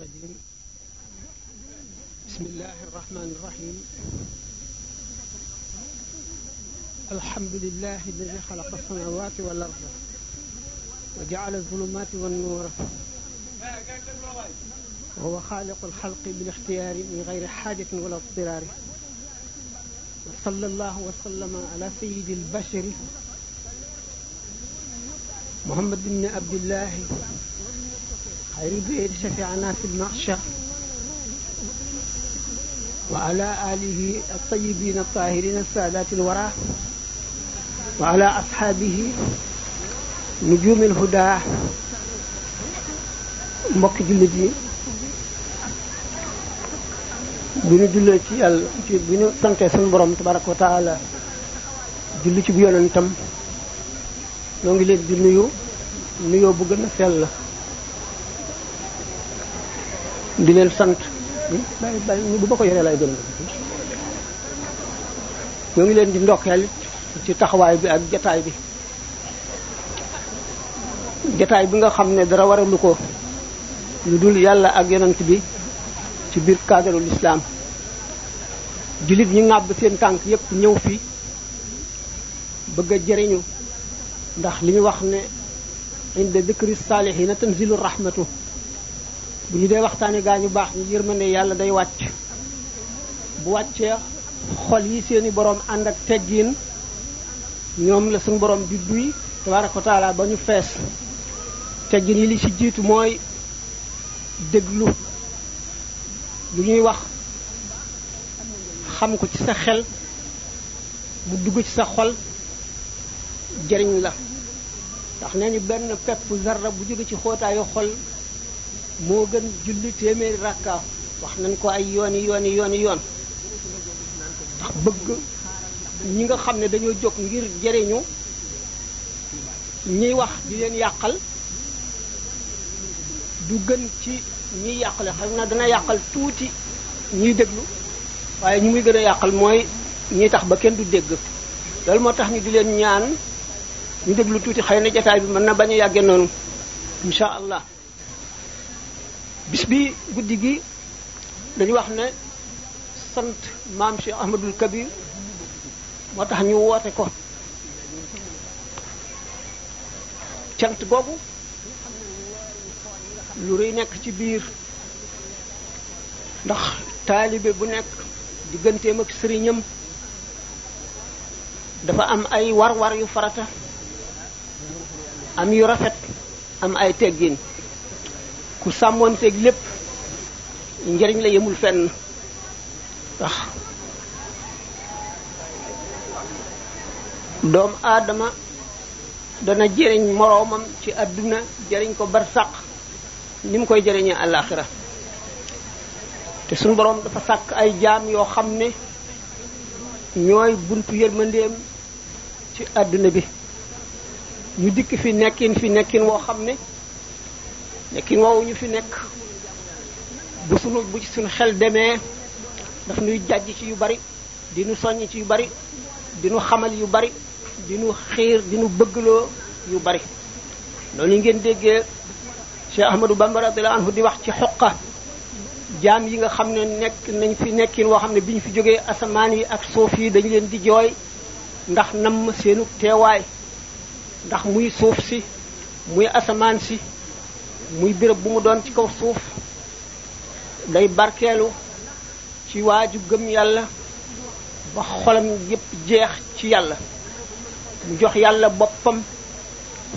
الرجيم بسم الله الرحمن الرحيم الحمد لله الذي خلق السماوات والأرض وجعل الظلمات والنور وهو خالق الخلق بالاختيار من غير حاجة ولا اضطرار وصلى الله وسلم على سيد البشر محمد بن عبد الله أهل بيت شفيعنا في المعشر وعلى آله الطيبين الطاهرين السادات الورى وعلى أصحابه نجوم الهدى mbokk jullit yi bu ñu jullee ci yàlla ci bu borom tabaraka wa taala julli ci bu yonentam ñoo ngi leen di nuyu nuyoo bu gën a la di leen sant bàyyi bàyyi bu ma ko yoree lay gën ñoo ngi leen di ndokkeel ci taxawaay bi ak jataay bi jataay bi nga xam ne dara waralu ko lu dul yàlla ak yonent bi ci biir kaadarul islaam jullit ñi ŋàbb seen tànk yépp ñëw fi bëgg a jëriñu ndax li ñu wax ne inda dikri saalihiina tanzilu rahmatu bu ñu dee waxtaane gaa ñu baax ñu yërmande yàlla day wàcc bu wàccee xol yi seeni boroom ànd ak teggin ñoom la suñu boroom di duy tabaraka wa taala ba ñu fees teggin yi li ci jiitu mooy déglu lu ñuy wax xam ko ci sa xel mu dugg ci sa xol jëriñ la ndax nee ñu benn pepp zarra bu jóge ci xootaayu xol moo gën julli téeméeri rakka wax nañ ko ay yooni yooni yooni yoon ndax bëgg ñi nga xam ne dañoo jóg ngir jëriñu ñiy wax di leen yàqal du gën ci ñiy yàqale xam na dana yàqal tuuti ñiy déglu waaye ñu muy gën a yàqal mooy ñi tax ba kenn du dégg loolu moo tax ñu di leen ñaan ñu déglu tuuti xëy na jataay bi mën na bañ a yàggee noonu insha allah bis bi guddi gi dañu wax ne sant maam Cheikh Ahmadul Kabir moo tax ñu woote ko cant googu lu rëy nekk ci biir ndax taalibe bu nekk digganteem ak sëriñam dafa am ay war-war yu farata am yu rafet am ay teggin ku sàmmoonteeg lépp njëriñ la yemul fenn ndax doomu aadama dana jëriñ moroomam ci àdduna jëriñ ko barsàq ni mu koy jëriñee àllaaxira te suñu boroom dafa sàkk ay jaam yoo xam ne ñooy buntu yërmandeem ci àdduna bi ñu dikk fi nekkin fi nekkin woo xam ne nekkin woowu ñu fi nekk bu sunu bu ci suñu xel demee daf nuy jàjj ci yu bari di nu soññ ci yu bari dinu xamal yu bari dinu nu xiir di nu bëggloo yu bari noonu ngeen déggee Cheikh Ahmadou Bamba radiyallahu anhu di wax ci xoqa jaam yi nga xam ne nekk nañ fi nekkiin woo xam ne bi ñu fi jógee asamaan yi ak suuf yi dañu leen di jooy ndax nam seenu teewaay ndax muy suuf si muy asamaan si muy béréb bu mu doon ci kaw suuf day barkeelu ci waaju gëm yàlla ba xolam yépp jeex ci yàlla mu jox yàlla boppam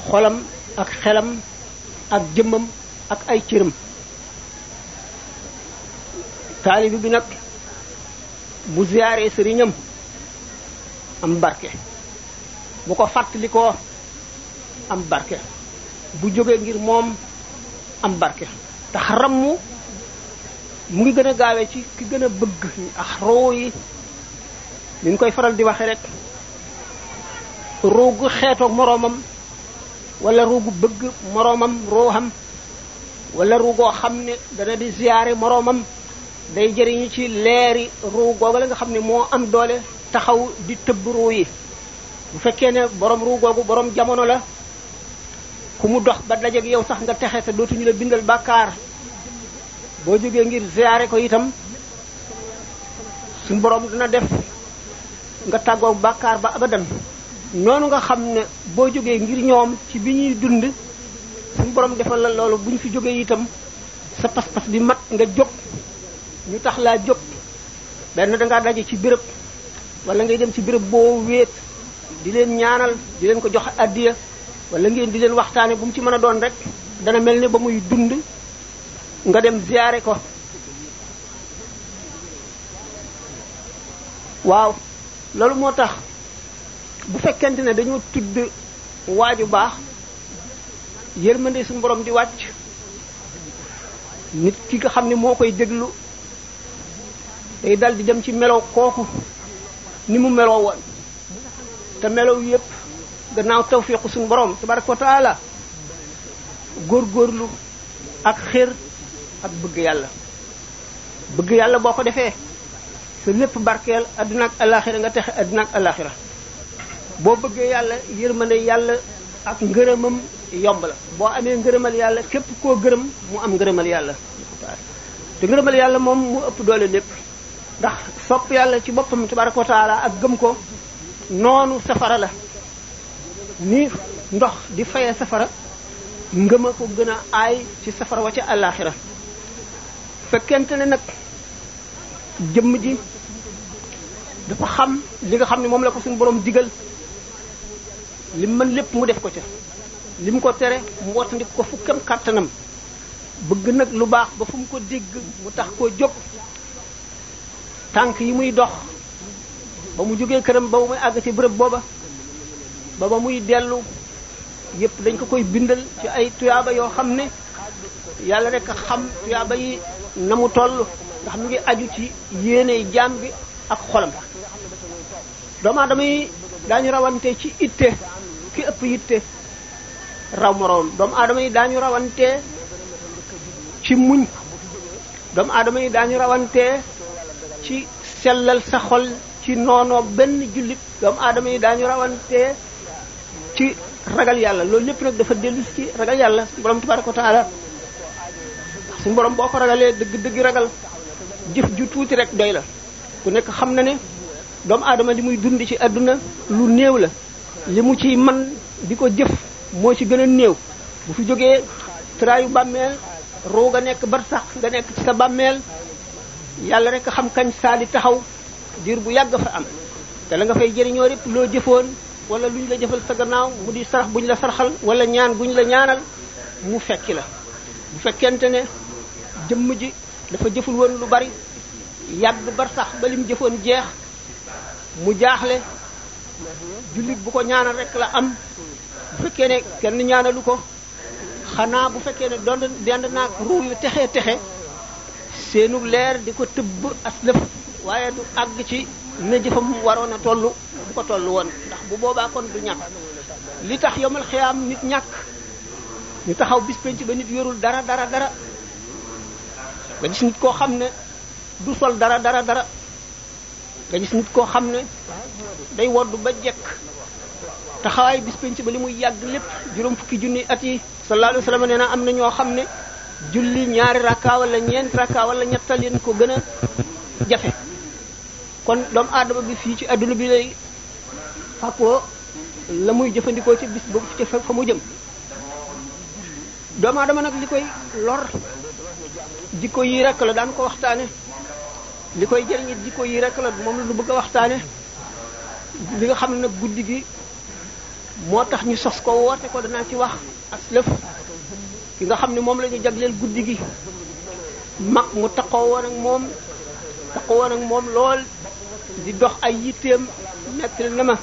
xolam ak xelam ak jëmmam ak ay cëram taalibi bi nag bu ziyaaree sëriñam am barke bu ko fàttalikoo am barke bu jógee ngir moom am barke ndax rammu mu ngi gën a gaawee ci ki gën a bëgg ak roo yi ni ñu koy faral di waxe rek roo gu xeetoog moroomam wala roo gu bëgg moroomam roo xam wala roo xam ne dana di ziyaare moroomam day jëriñu ci leeri roo la nga xam ne moo am doole taxaw di tëbb roo yi bu fekkee ne borom roo googu borom jamono la ku mu dox ba dajeeg yow sax nga texe sa dootuñu la bindal bàkkaar boo jógee ngir ziyaare ko itam suñ borom dana def nga tàggoog bàkkaar ba abadan noonu nga xam ne boo jógee ngir ñoom ci bi ñuy dund suñ borom defal la loolu bu ñu fi jógee itam sa pas-pas bi mat nga jóg ñu tax laa jóg benn dangaa daje ci bërëb wala ngay dem ci béréb boo wéet di leen ñaanal di leen ko jox addiya walla ngeen di leen waxtaane bu mu ci mën a doon rek dana mel ni ba muy dund nga dem ziyaare ko waaw loolu moo tax bu fekkent ne dañoo tudd waaju baax yërmande suñu borom di wàcc nit ki nga xam ne moo koy déglu day dal dem ci melow kooku ni mu meloo woon te melow yépp gannaaw tawfiqu suñu borom tabaraka wa góor góorlu ak xér ak bëgg yàlla bëgg yàlla boo ko defee sa lépp barkeel adduna ak alaxira nga texe adduna ak alaxira boo bëggee yàlla yërmande yàlla ak ngërëmam yomb la boo amee ngërëmal yàlla képp koo gërëm mu am ngërëmal yàlla te ngërëmal yàlla moom mu ëpp doole lépp ndax sopp yàlla ci boppam tabaraka wa taala ak gëm ko noonu safara la ni ndox di faye safara ngëm ko gën a aay ci safara wa ci àllaaxira fekkent ne nag jëmm ji dafa xam li nga xam ne moom la ko mu borom digal li mën lépp mu def ko ca li mu ko tere mu wattandik ko fukkam kàttanam bëgg nag lu baax ba fu mu ko dégg mu tax koo jóg tànk yi muy dox ba mu jógee këram ba mu muy àgg ci bërëb booba ba ba muy dellu yépp dañ ko koy bindal ci ay tuyaaba yoo xam ne yàlla rek xam tuyaaba yi na mu toll ndax mu ngi aju ci yéene jaam bi ak xolam doomu aadama yi daañu rawante ci itte ki ëpp itte aadama yi daañu rawante ci muñ doomu aadama yi daañu rawantee ci sellal sa xol ci noonoo benn jullit doomu aadama yi daañu rawante ci ragal yàlla loolu lépp nag dafa dellu ci ragal yàlla suñu borom tabaraka wa taala suñu borom boo ko ragalee dëgg dëgg ragal jëf ju tuuti rek doy la ku nekk xam na ne doomu aadama li muy dund ci àdduna lu néew la li mu ci man di ko jëf moo ci gën a néew bu fi jógee traayu bàmmeel roo nga nekk bar sax nga nekk ci sa bàmmeel yàlla rek xam kañ saali taxaw diir bu yàgg fa am te la nga fay jëriñoo lépp loo jëfoon wala lu ñu la jëfal sa gannaaw mu di sarax bu ñu la saraxal wala ñaan bu ñu la ñaanal mu fekki la bu fekkente ne jëmm ji dafa jëful woon lu bari yàgg bar sax ba lim jëfoon jeex mu jaaxle jullit bu ko ñaanal rek la am bu fekkee ne kenn ñaanalu ko xanaa bu fekkee ne doon dend naag ruu yu texe texe seenu leer di ko tëbb aslëf waaye du àgg ci ne jëfam waroon a toll bu ko toll woon ndax bu boobaa kon du ñàkk li tax yomal xiyaam nit ñàkk ñu taxaw bis penc ba nit yorul dara dara dara nga gis nit koo xam ne du sol dara dara dara nga gis koo xam ne day wodd ba jekk taxawaay bis penc ba li muy yàgg lépp juróom fukki junni ati yi sallallahu alayhi na am na ñoo xam ne julli ñaari rakka wala ñeent rakka wala ñetta leen ko gën a jafe kon doomu aadama bi fii ci àdduna bi lay fàkkoo la muy jëfandikoo ci bis boobu ci fa mu jëm doomu aadama nag li koy lor jikko yi rek la daan ko waxtaane li koy jëriñit jikko yi rek la moom la lu bëgg a waxtaane li nga xam ne nag guddi gi moo tax ñu sos ko woote ko danaa ci wax as lëf ki nga xam ne moom la ñu jagleel guddi gi mag mu taqoo woon ak moom taqoo woon ak moom lool di dox ay yitteem nettali na ma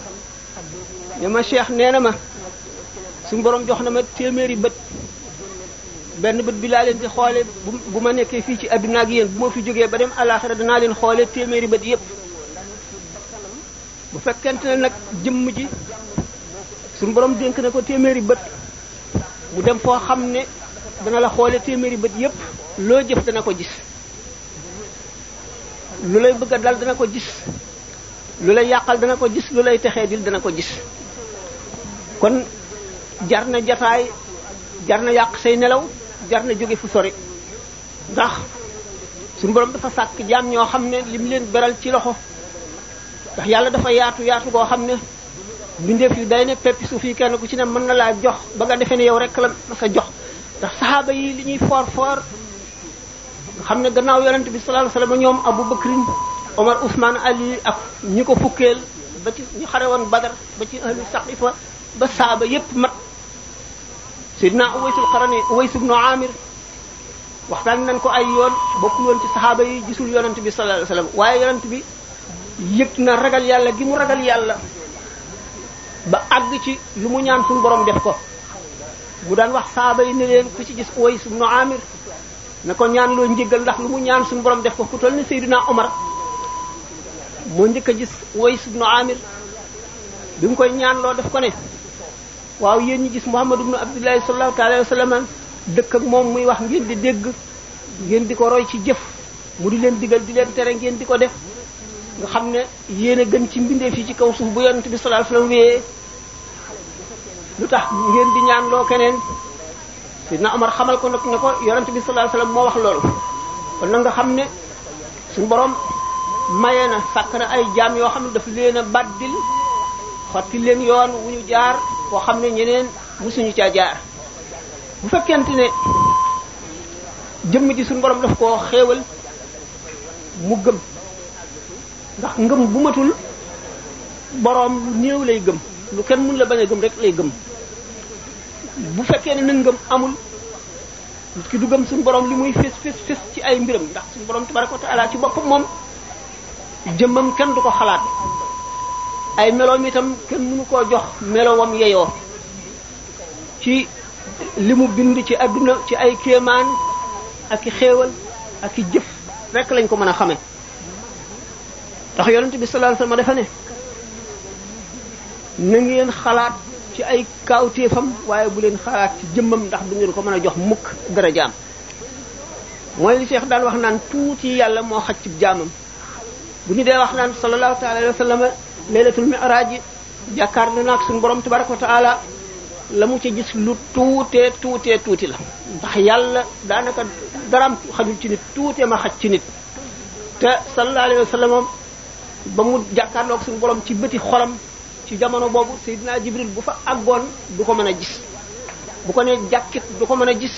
ne ma cheikh nee na ma suñu boroom jox na ma téeméeri bët benn bët bi laa leen di xoole bu ma nekkee fii ci adduna ak yéen bu ma fi jógee ba dem alaxira danaa leen xoole téeméeri bët yépp bu fekkente ne nag jëmm ji suñu borom dénk na ko téeméeri bët bu dem foo xam ne dana la xoole téeméeri bët yépp loo jëf dana ko gis lu lay bëgg a dal dana ko gis lu lay yàqal dana ko gis lu lay texee dil dana ko gis kon jar na jataay jar na yàq say nelaw jar na jóge fu sori ndax suñu borom dafa sàkk jaam ñoo xam ne li mu leen beral ci loxo ndax yàlla dafa yaatu yaatu koo xam ne bindeef yu day ne peppi suuf yi kenn ku ci ne mën na laa jox ba nga defee ne yow rek la sa jox ndax saxaaba yi li ñuy foor foor xam ne gannaaw yonent bi sallallahu alayhi wasallam ñoom Abu Bakrin Omar Ousmane Ali ak ñi ko fukkeel ba ci ñu xare woon Badar ba ci ahlu Saqifa ba saaba yépp mat Seydina Uways al-Qarani Uways ibn Amir waxtaan nañ ko ay yoon bokkul woon ci saxaaba yi gisul yonent bi sallallahu alayhi wasallam waaye yonent bi yëg na ragal yàlla gi mu ragal yàlla ba àgg ci lu mu ñaan suñu borom def ko mu daan wax saaba yi ne leen ku ci gis Uways ibn Amir ne ko ñaan loo njéggal ndax lu mu ñaan suñu borom def ko ku toll ni Seydina Omar moo njëkk a gis Ways ibnu Amir bi mu koy ñaan loo def ko ne waaw yéen ñi gis Muhammad ibnu Abdullahi sallallahu taala wa sallam dëkk ak moom muy wax ngeen di dégg ngeen di ko roy ci jëf mu di leen digal di leen tere ngeen di ko def nga xam ne yéen a gën ci mbindeef yi ci kaw suuf bu yonent bi sallallahu alayhi wa sallam wéyee lu tax ngeen di ñaan loo keneen sidna Omar xamal ko nag ne ko yonent bi sallallahu alayhi moo wax loolu kon na nga xam ne suñu borom maye na sàkk na ay jaam yoo xam ne daf leen a baddil xotti leen yoon wu ñu jaar koo xam ne ñeneen musuñu caa jaar bu fekkent ne jëmm ji suñ borom daf koo xéewal mu gëm ndax ngëm bu matul boroom néew lay gëm lu kenn mun la bañ a gëm rek lay gëm bu fekkee ne nëngam amul nit ki du gëm suñu borom li muy fés fés fés ci ay mbiram ndax suñu borom tabaraka wa taala ci boppam moom jëmmam kenn du ko xalaat ay meloom itam kenn mënu koo jox melowam yeyoo ci li mu bind ci adduna ci ay kéemaan ak i xéewal ak i jëf rek lañ ko mën a xame ndax yonent bi sallallahu alayhi wasallam dafa ne na xalaat ci ay kaawteefam waaye bu leen xalaat ci jëmmam ndax du ngeen ko mën a jox mukk dara jaam mooy li Cheikh daan wax naan tuuti yàlla moo xaj ci jaamam bu ñu dee wax naan sallallahu taala alayhi wa sallam laylatul mi'raj jàkkaarloo na ak suñu borom tabaraka wa taala la mu ci gis lu tuutee tuutee tuuti la ndax yàlla daanaka daraam xajul ci nit tuutee ma xaj ci nit te sallallahu alayhi wa sallam ba mu jàkkaarloo ak suñu borom ci bëti xolam ci jamono boobu Seydina Jibril bu fa àggoon du ko mën a gis bu ko nee jàkkit du ko mën a gis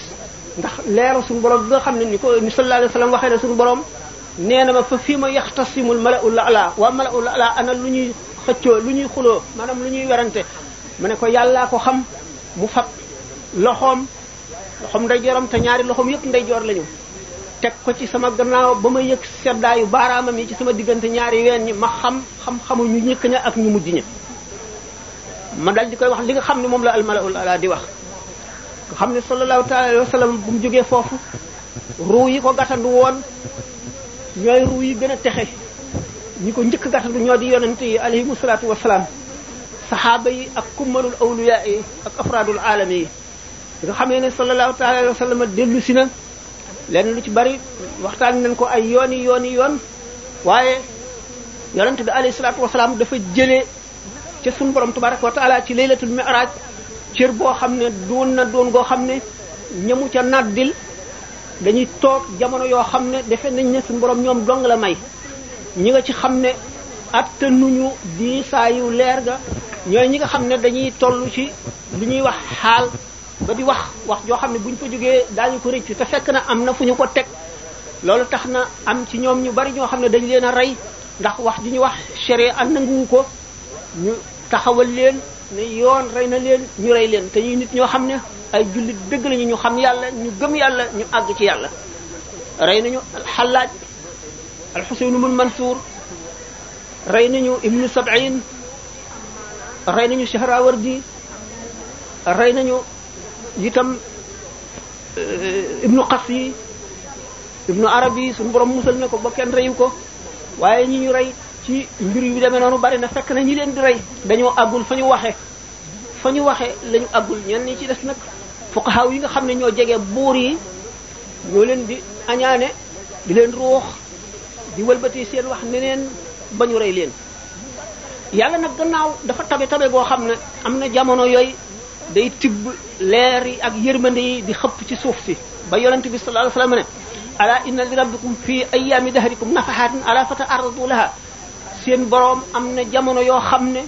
ndax leeru suñu borom bi xam ne ni ko ni sallallahu alayhi wasallam waxee ne suñu borom nee na ma fa fii ma yaxtasimul mala'ul a'la wa mala'ul a'la ana lu ñuy xëccoo lu ñuy xuloo maanaam lu ñuy werante ma ne ko yàllaa ko xam mu fab loxoom loxoom ndeyjooram te ñaari loxoom yëpp ndeyjoor lañu teg ko ci sama gannaaw ba ma yëg seddaayu baaraamam yi ci sama diggante ñaari ween ñi ma xam xam-xamu ñu ñëkk ak ñu mujj ña ma dal di koy wax li nga xam ne moom la almalaul ala di wax nga xam ne sallallahu taala alayhi wa sallam bu mu jógee foofu ruu yi ko gàttandu woon ñooy ruu yi gën a texe ñi ko njëkk gàttandu ñoo di yonent yi alayhimu salaatu wasalaam saxaaba yi ak kummalul awliya yi ak afraadul aalami yi nga xam ne ne sallallahu taala alayhi wa sallam dellu si na lenn lu ci bari waxtaan nañ ko ay yooni yooni yoon waaye yonent bi alayhi salaatu wasalaam dafa jëlee ca suñu borom tabaraka wa taala ci laylatul mi'raj cër boo xam ne doon na doon goo xam ne ñamu ca naddil dañuy toog jamono yoo xam ne defe nañ ne suñu borom ñoom dong la may ñi nga ci xam ne ñu di saa yu leer ga ñoo ñi nga xam ne dañuy tollu ci lu ñuy wax xaal ba di wax wax joo xam ne buñ ko jógee daañu ko rëccu te fekk na am na fu ñu ko teg loolu tax na am ci ñoom ñu bari ñoo xam ne dañ leen a rey ndax wax ju ñu wax chéré an nanguwu ko ñu taxawal leen ne yoon rey na leen ñu rey leen te ñuy nit ñoo xam ne ay jullit dëgg lañu ñu xam yàlla ñu gëm yàlla ñu àgg ci yàlla rey nañu alxalaaj alxuseynu mun mansuur rey nañu ibnu sabain rey nañu Sahrawardi rey nañu itam eh, ibnu qasi ibnu arabi suñu borom musal na ko ba kenn reyu ko waaye ñi ñu rey ci mbir yu demee noonu bari na fekk na ñi leen di rey dañoo àggul fa ñu waxe fa ñu waxe lañu agul ñenn ñi ci des nag xaw yi nga xam ne ñoo jege buur yi ñoo leen di añaane di leen ruux di wëlbati seen wax neneen ba ñu rey leen yàlla nag gannaaw dafa tabe tabe boo xam ne am na jamono yooyu day tibb leer yi ak yërmande yi di xëpp ci suuf si ba yonent bi sallallahu alayhi wasallam ne ala inna li rabbikum fi ayyaami dahrikum nafahaatin ala fata aradu laha seen boroom am na jamono yoo xam ne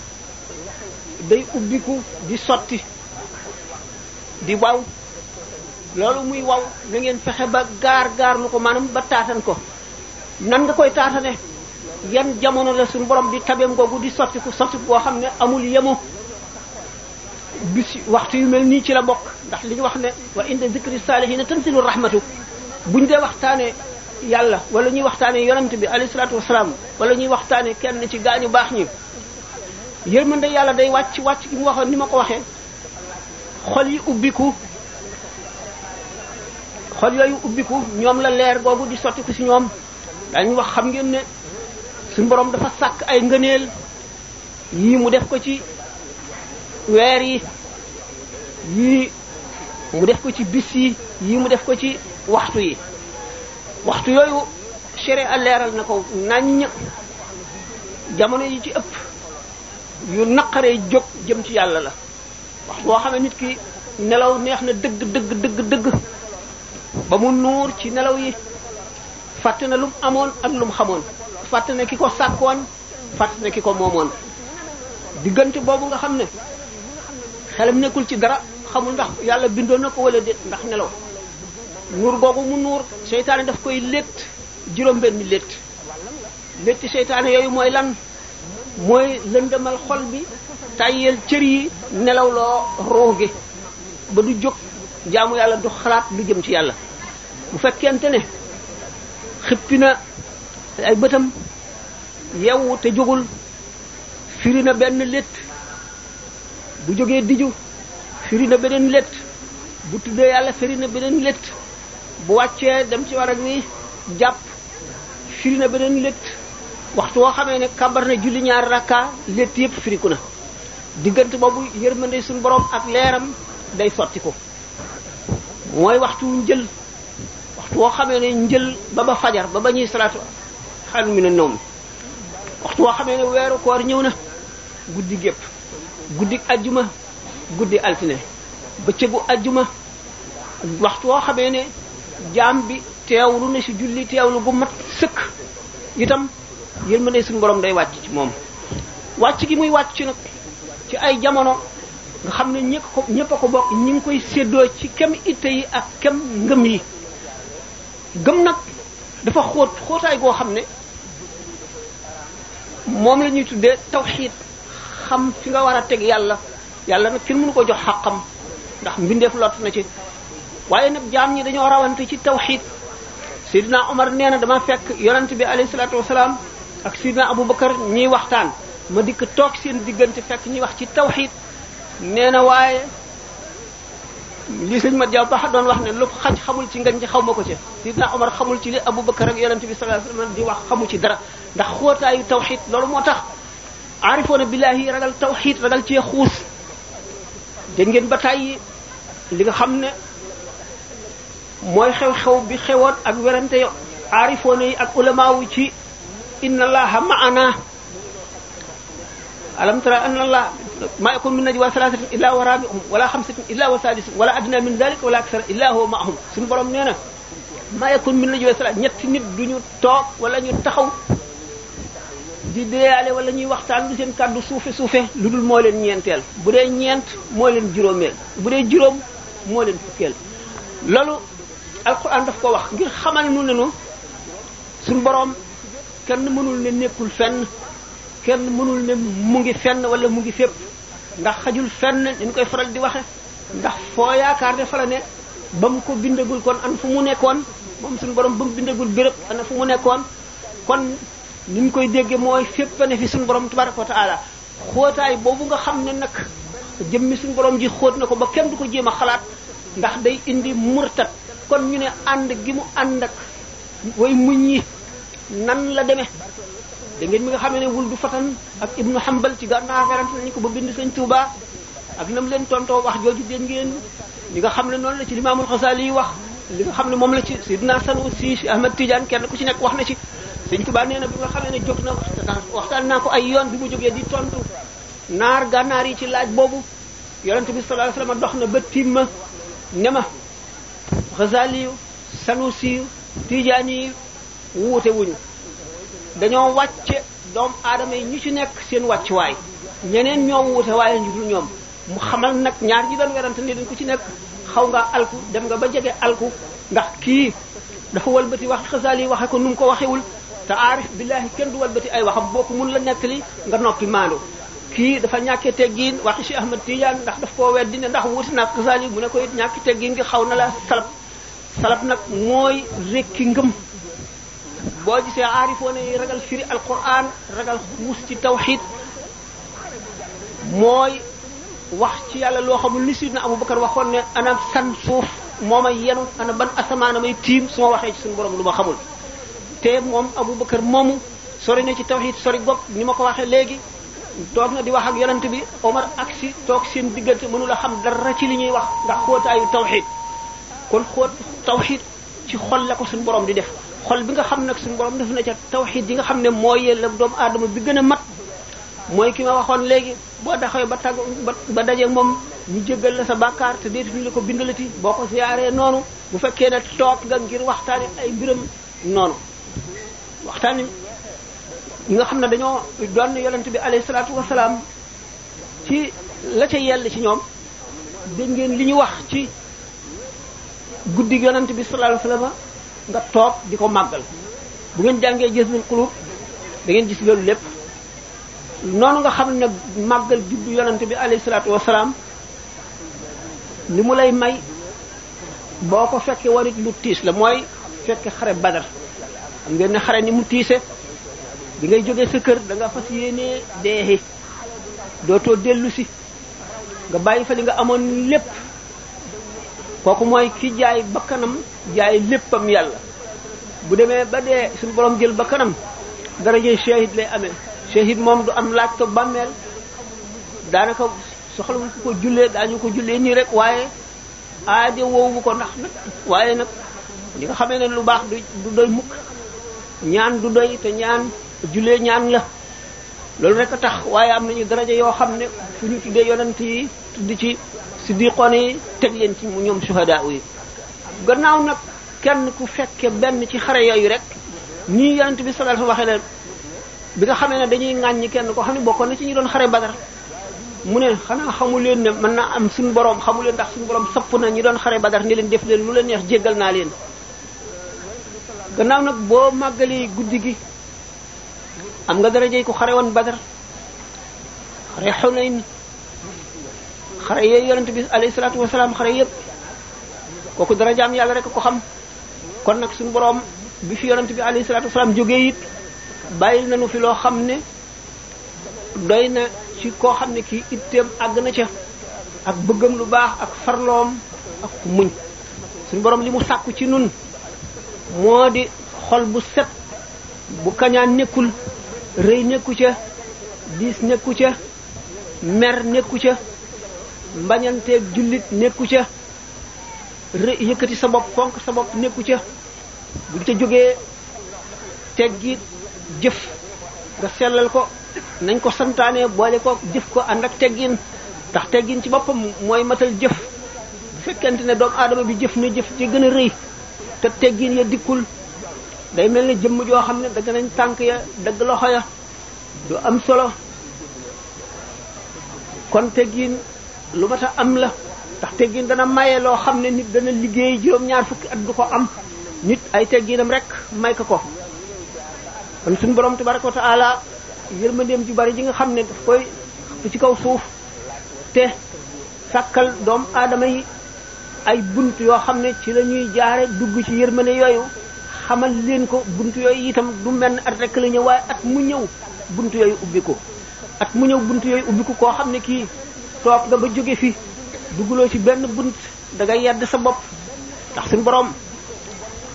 day ubbiku di sotti di waw loolu muy waw na fexe ba gaar gaar lu ko maanaam ba taatan ko nan nga koy taatane yan jamono la suñu borom di tabeem googu di sottiku sottiku boo xam ne amul yemo bis waxtu yu mel nii ci la bokk ndax li ñu wax ne wa inda zikri saalihiina tanzilu rahmatu buñ dee waxtaanee yàlla wala ñuy waxtaane yonent bi alayhi salaatu wasalaam wala ñuy waxtaanee kenn ci gaañu baax ñi yërmande yàlla day wàcc wàcc gi mu waxoon ni ma ko waxe xol yi ubbiku xol yooyu ubbiku ñoom la leer googu di sotti ko ci ñoom dañu wax xam ngeen ne suñu borom dafa sàkk ay ngëneel yii mu def ko ci weer yi yii mu def ko ci bis yi yii mu def ko ci waxtu yi waxtu yooyu sharia leeral na ko naññ jamono yi ci ëpp yu naqaree jóg jëm ci yàlla la wax boo xam ne nit ki nelaw neex na dëgg dëgg dëgg dëgg ba mu nuur ci nelaw yi fàtt na lu mu amoon ak lu mu xamoon fàtt na ki ko sàkkoon fàtt na ki ko moomoon diggante boobu nga xam ne xelam nekkul ci dara xamul ndax yàlla bindoon na ko wala déet ndax nelaw nuur googu mu nuur seytaane daf koy létt juróom-benn létt létti seytaane yooyu mooy lan mooy lëndëmal xol bi tàyyeel cër yi nelaw loo roo gi ba du jóg jaamu yàlla du xalaat lu jëm ci yàlla bu fekkente ne xippi na ay bëtam yewwu te jógul firi na benn létt bu jógee diju firi na beneen létt bu tuddee yàlla firi na beneen létt bu wàccee dem ci war a wi jàpp firi na beneen létt waxtu woo xamee ne kabar na julli ñaari rakka létt yépp firiku na diggante boobu yërmande suñu boroom ak leeram day sotti ko mooy waxtu njël waxtu woo xamee ne njël ba ba fajar ba ba ñuy salaatu xan mi ne néew mi waxtu woo xamee ne weeru koor ñëw na guddi gépp guddi ajjuma guddi altine bëccëgu ajjuma waxtu woo xamee ne jaam bi teewlu na ci julli teewlu gu mat sëkk itam ma ne suñu borom day wàcc ci moom wàcc gi muy wàcc ci nag ci ay jamono nga xam ne ñëpp ko ñëpp a ko bokk ñi ngi koy séddoo ci kem itte yi ak kem ngëm yi gëm nag dafa xóot xóotaay goo xam ne moom la ñuy tuddee tawxiid xam fi nga war a teg yàlla yàlla nag kenn mënu ko jox xaqam ndax mbindeef lot na ci waaye nag jaam ñi dañoo rawante ci tawxid sidina Omar nee na dama fekk yonent bi alayhi salaatu wasalaam ak sidina Aboubacar ñiy waxtaan ma dikk toog seen diggante fekk ñuy wax ci tawxid nee na waaye li sëñ ma Jaw Baxa doon wax ne lu xaj xamul ci ngañ ci xaw ma ko ci sidina Omar xamul ci li Aboubacar ak yonent bi sallallahu alayhi di wax xamu ci dara ndax xóotaayu tawxid loolu moo tax aarifoona billaahi ragal tawxid ragal cee xuus dégg ngeen ba tàyyi xam ne mooy xew-xew bi xewoon ak werante aarifoona yi ak ulamaawu ci inna allaha ma'ana alam tara anna allah ma yakun min najwa salasatin illa wa rabi'uhum wala xamsatin illa wa sadisuhum wala adna min dalika wala aksara illa huwa ma'ahum suñu borom boroom na ma yakun min najwa salat ñetti nit ñu toog wala ñu taxaw di deyaale wala ñuy waxtaan lu seen kàddu suufe suufe lu dul moo leen ñeenteel bu dee ñeent moo leen juróomeel bu dee juróom moo leen alquran daf ko wax ngir xamal nu nenu suñu boroom kenn mënul ne nekkul fenn kenn mënul ne mu ngi fenn wala mu ngi fépp ndax xajul fenn dañ koy faral di waxe ndax foo yaakaar ne fa ne ba mu ko bindeegul kon an fu mu nekkoon moom suñu borom ba mu bindagul béréb ana fu mu nekkoon kon ni koy dégge mooy fépp ne fi suñu borom tabaraka wa taala xóotaay boobu nga xam ne nag jëmmi suñu borom ji xóot na ko ba kenn du ko jéem a xalaat ndax day indi murtat kon ñu ne ànd gi mu ànd ak way muñ yi nan la demee dangeen mi nga xam ne wul du fatan ak ibnu Hanbal ci gànnaaw garanti nañ ko ba bind sëñ Tuubaa ak nam leen tontoo wax jooju dégg ngeen li nga xam ne noonu la ci limaamul Xasaali yi wax li nga xam ne moom la ci Sidna Sanusi si Ahmad Tidiane kenn ku ci nekk wax na ci sëñ Tuubaa nee na bi nga xam ne jóg na waxtaan naa ko ay yoon bi mu jógee di tontu naar gànnaar yi ci laaj boobu yonent bi sallallahu alayhi wasallam dox na ba timma ne ma Ghazali yu Sanusi yu Tijaani yu wuute wuñu dañoo wàcce doom aadama yi ñu ci nekk seen wàccuwaay ñeneen ñoo wuute waaye ñu dul ñoom mu xamal nag ñaar ñi doon werante ni dañ ko ci nekk xaw nga alku dem nga ba jege alku ndax kii dafa walbati wax Ghazali yi waxe ko nu ko waxewul te aarif billahi kenn du walbati ay waxam boo ko mun la nettali nga noppi maandu kii dafa ñàkkee teggiin waxi Cheikh Ahmad Tidiane ndax daf koo weddi ne ndax wuute naa Ghazali bu mu ne ko it ñàkki teggiin gi xaw na la salab salab nag mooy rekki ngëm boo gisee aarifoone yi ragal firi alquran ragal xuus ci tawxid mooy wax ci yàlla loo xamul ni sidna Abubakar waxoon ne ana san suuf moo may yenu ana ban asamaana may tiim su ma waxee ci suñu borom lu ma xamul te moom Abubakar moomu sori na ci tawxid sori bopp ni ma ko waxee léegi toog na di wax ak yonent bi Omar aksi toog seen diggante mënula xam dara ci li ñuy wax ndax xóotaayu tawxid kon xool tawxid ci xol la ko suñ boroom di def xol bi nga xam nag suñu borom def na ca tawxid yi nga xam ne mooy yella doomu aadama bi gën a mat mooy ki ma waxoon léegi boo taxawee ba tag ba daje moom ñu jéggal la sa bàkkaar te deetuñu la ko bindalati boo ko siyaaree noonu bu fekkee ne toog nga ngir waxtaani ay mbiram noonu waxtaani ñi nga xam ne dañoo doon yonent bi alayhi salaatu wasalaam ci la ca yell ci ñoom dégg ngeen li ñu wax ci guddi yonent bi sallallahu alayhi wasallam nga toog di ko màggal bu ngeen jàngee gis nañ xulub da ngeen gis loolu lépp noonu nga xam ne màggal juddu yonent bi alayhi salaatu wasalaam ni mu lay may boo ko fekkee warit lu tiis la mooy fekke xare badar xam ngeen ne xare ni mu tiise bi ngay jógee sa kër danga nga fas yéenee deexi dootoo dellu si nga bàyyi fa li nga amoon lépp kooku mooy ki jaay bakkanam jaay léppam yàlla bu demee ba dee suñu borom jël bakkanam daraje shahid lay amee shahid moom du am laaj ko bàmmeel daanaka soxlawul ku ko jullee daañu ko jullee nii rek waaye aade woowu ko ndax nag waaye nag li nga xamee ne lu baax du du doy mukk ñaan du doy te ñaan jullee ñaan la loolu rek a tax waaye am nañu daraja yoo xam ne fu ñu tuddee yonent yi tudd ci si siddiqoon yi teg leen ci ñoom suhadaa yi gannaaw nag kenn ku fekke benn ci xare yooyu rek nii yonent bi sallallahu alayhi waxee la bi nga xamee ne dañuy ŋàññi kenn koo xam ne bokkoon na ci ñu doon xare badar mu ne xanaa xamu leen ne mën naa am suñu borom xamu leen ndax suñu borom sëpp na ñi doon xare badar ni leen def leen lu leen neex jéggal naa leen gannaaw nag boo màggalee guddi gi am nga dara darajey ko xare woon badar xare Xunayn xare yee yonent bi alayhi salaatu wasalaam xare yëpp kooku dara jaam yàlla rek ko xam kon nag suñu boroom bi fi yonent bi alayhi salaatu wasalaam jógee it bàyyil nañu fi loo xam ne doy na ci koo xam ne kii itteem àgg na ca ak bëggam lu baax ak farloom ak muñ suñu boroom li mu sàkku ci nun moo di xol bu set bu kañaan nekkul rëy nekku ca diis nekku ca mer nekku ca mbañanteeg jullit nekku ca rë yëkkati sa bopp fonk sa bopp nekku ca buñ ca jógee teggi jëf nga sellal ko nañ ko santaane boole ko jëf ko ànd ak teggin ndax teggin ci boppam mooy matal jëf bu fekkente ne doomu aadama bi jëf na jëf ci gën a rëy te teggin ya dikkul day mel ne jëmm joo xam ne dagg nañ tànk ya dagg loxo ya du am solo kon teggin lu mat a am la ndax teggin dana maye loo xam ne nit dana liggéey juróom-ñaar fukki at du ko am nit ay tegginam rek may ko ko kon suñu borom tabaraka wa taala yërmandeem ju bari ji nga xam ne daf koy ci kaw suuf te sàkkal doom aadama yi ay bunt yoo xam ne ci la ñuy jaare dugg ci yërmande yooyu xamal leen ko bunt yooyu itam du mel at rek la ñëw waaye at mu ñëw bunt yooyu ubbi ko at mu ñëw bunt yooyu ubbi koo xam ne kii toog nga ba jóge fi dugguloo ci benn bunt da ngay sa bopp ndax suñu boroom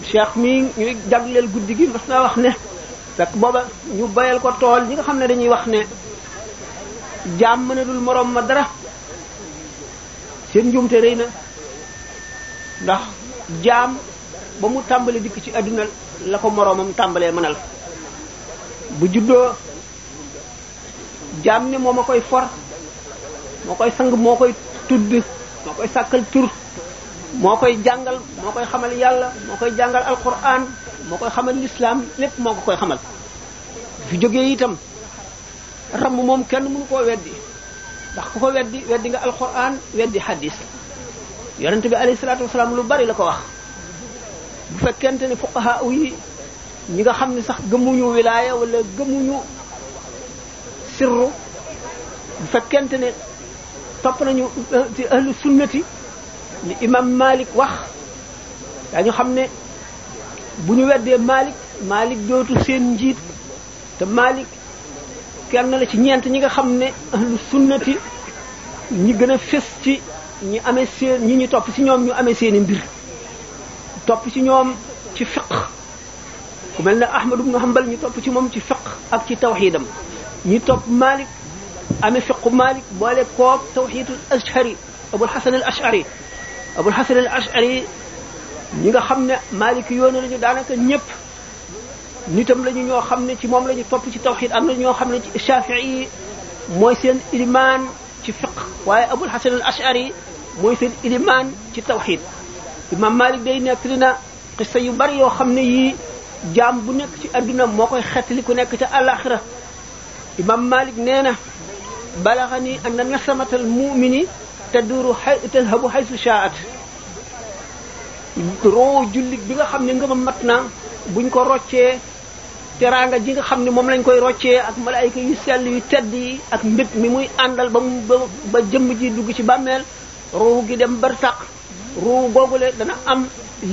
cheikh mi ñuy jagleel guddi gi mas naa wax ne fekk booba ñu bayal ko tool ñi nga xam ne dañuy wax ne jaam mënalul moroom ma dara seen njuumte rëy na ndax jaam ba mu tàmbali dikk ci àdduna la ko moroomam tàmbalee mënal bu juddoo jaam ne moom a koy for moo koy sang moo koy tudd moo koy sàkkal tur moo koy jàngal moo koy xamal yàlla moo koy jàngal alquran moo koy xamal lislaam lépp moo ko koy xamal fi jógee itam ramb moom kenn mënu koo weddi ndax ku ko weddi weddi nga alquran weddi hadis yonent bi alayhi salaatu wasalaam lu bari la ko wax bu ni ne fuqaha yi ñi nga xam ni sax gëmuñu wilaaya wala gëmuñu sirru bu fekkente ne topp nañu euh, ci ahlu sunnati li imam Malik wax dañu xam ne bu ñu weddee Malik Malik dootu seen njiit te Malik kenn la ci ñeent ñi nga xam ne ahlu sunnati ñi gën a fés ci ñi amee seen ñi ñu topp ci ñoom ñu amee seeni mbir topp ci ñoom ci fiq ku mel ne Ahmad ibn Hanbal ñu topp ci moom ci fiq ak ci tawxiidam ñi topp Malik amee fiqu Malik boole koog tawxidul ashari abul xasan al ashari abul xasan al ashari ñi nga xam ne Malik yoonu lañu daanaka ñëpp nitam lañu ñoo xam ne ci moom lañu topp ci tawxid am na ñoo xam ne ci Shafii mooy seen ilimaan ci fiq waaye abul xasan al ashari mooy seen ilimaan ci tawxid imam Malik day nekk dina xisa yu bari yoo xam ne yii jaam bu nekk ci adduna moo koy xettali ku nekk ci àllaaxira imam Malik nee na balaxani anna nasamatal mumini taduru tadhabu haythu sha'at roo jullit bi nga xam ne ngëmam mat na buñ ko roccee teraanga ji nga xam ne moom lañ koy roccee ak malaayka yu sell yu tedd yi ak mbég mi muy àndal ba mu ba jëmm ji dugg ci bàmmeel ruu gi dem barsaq ruu googule dana am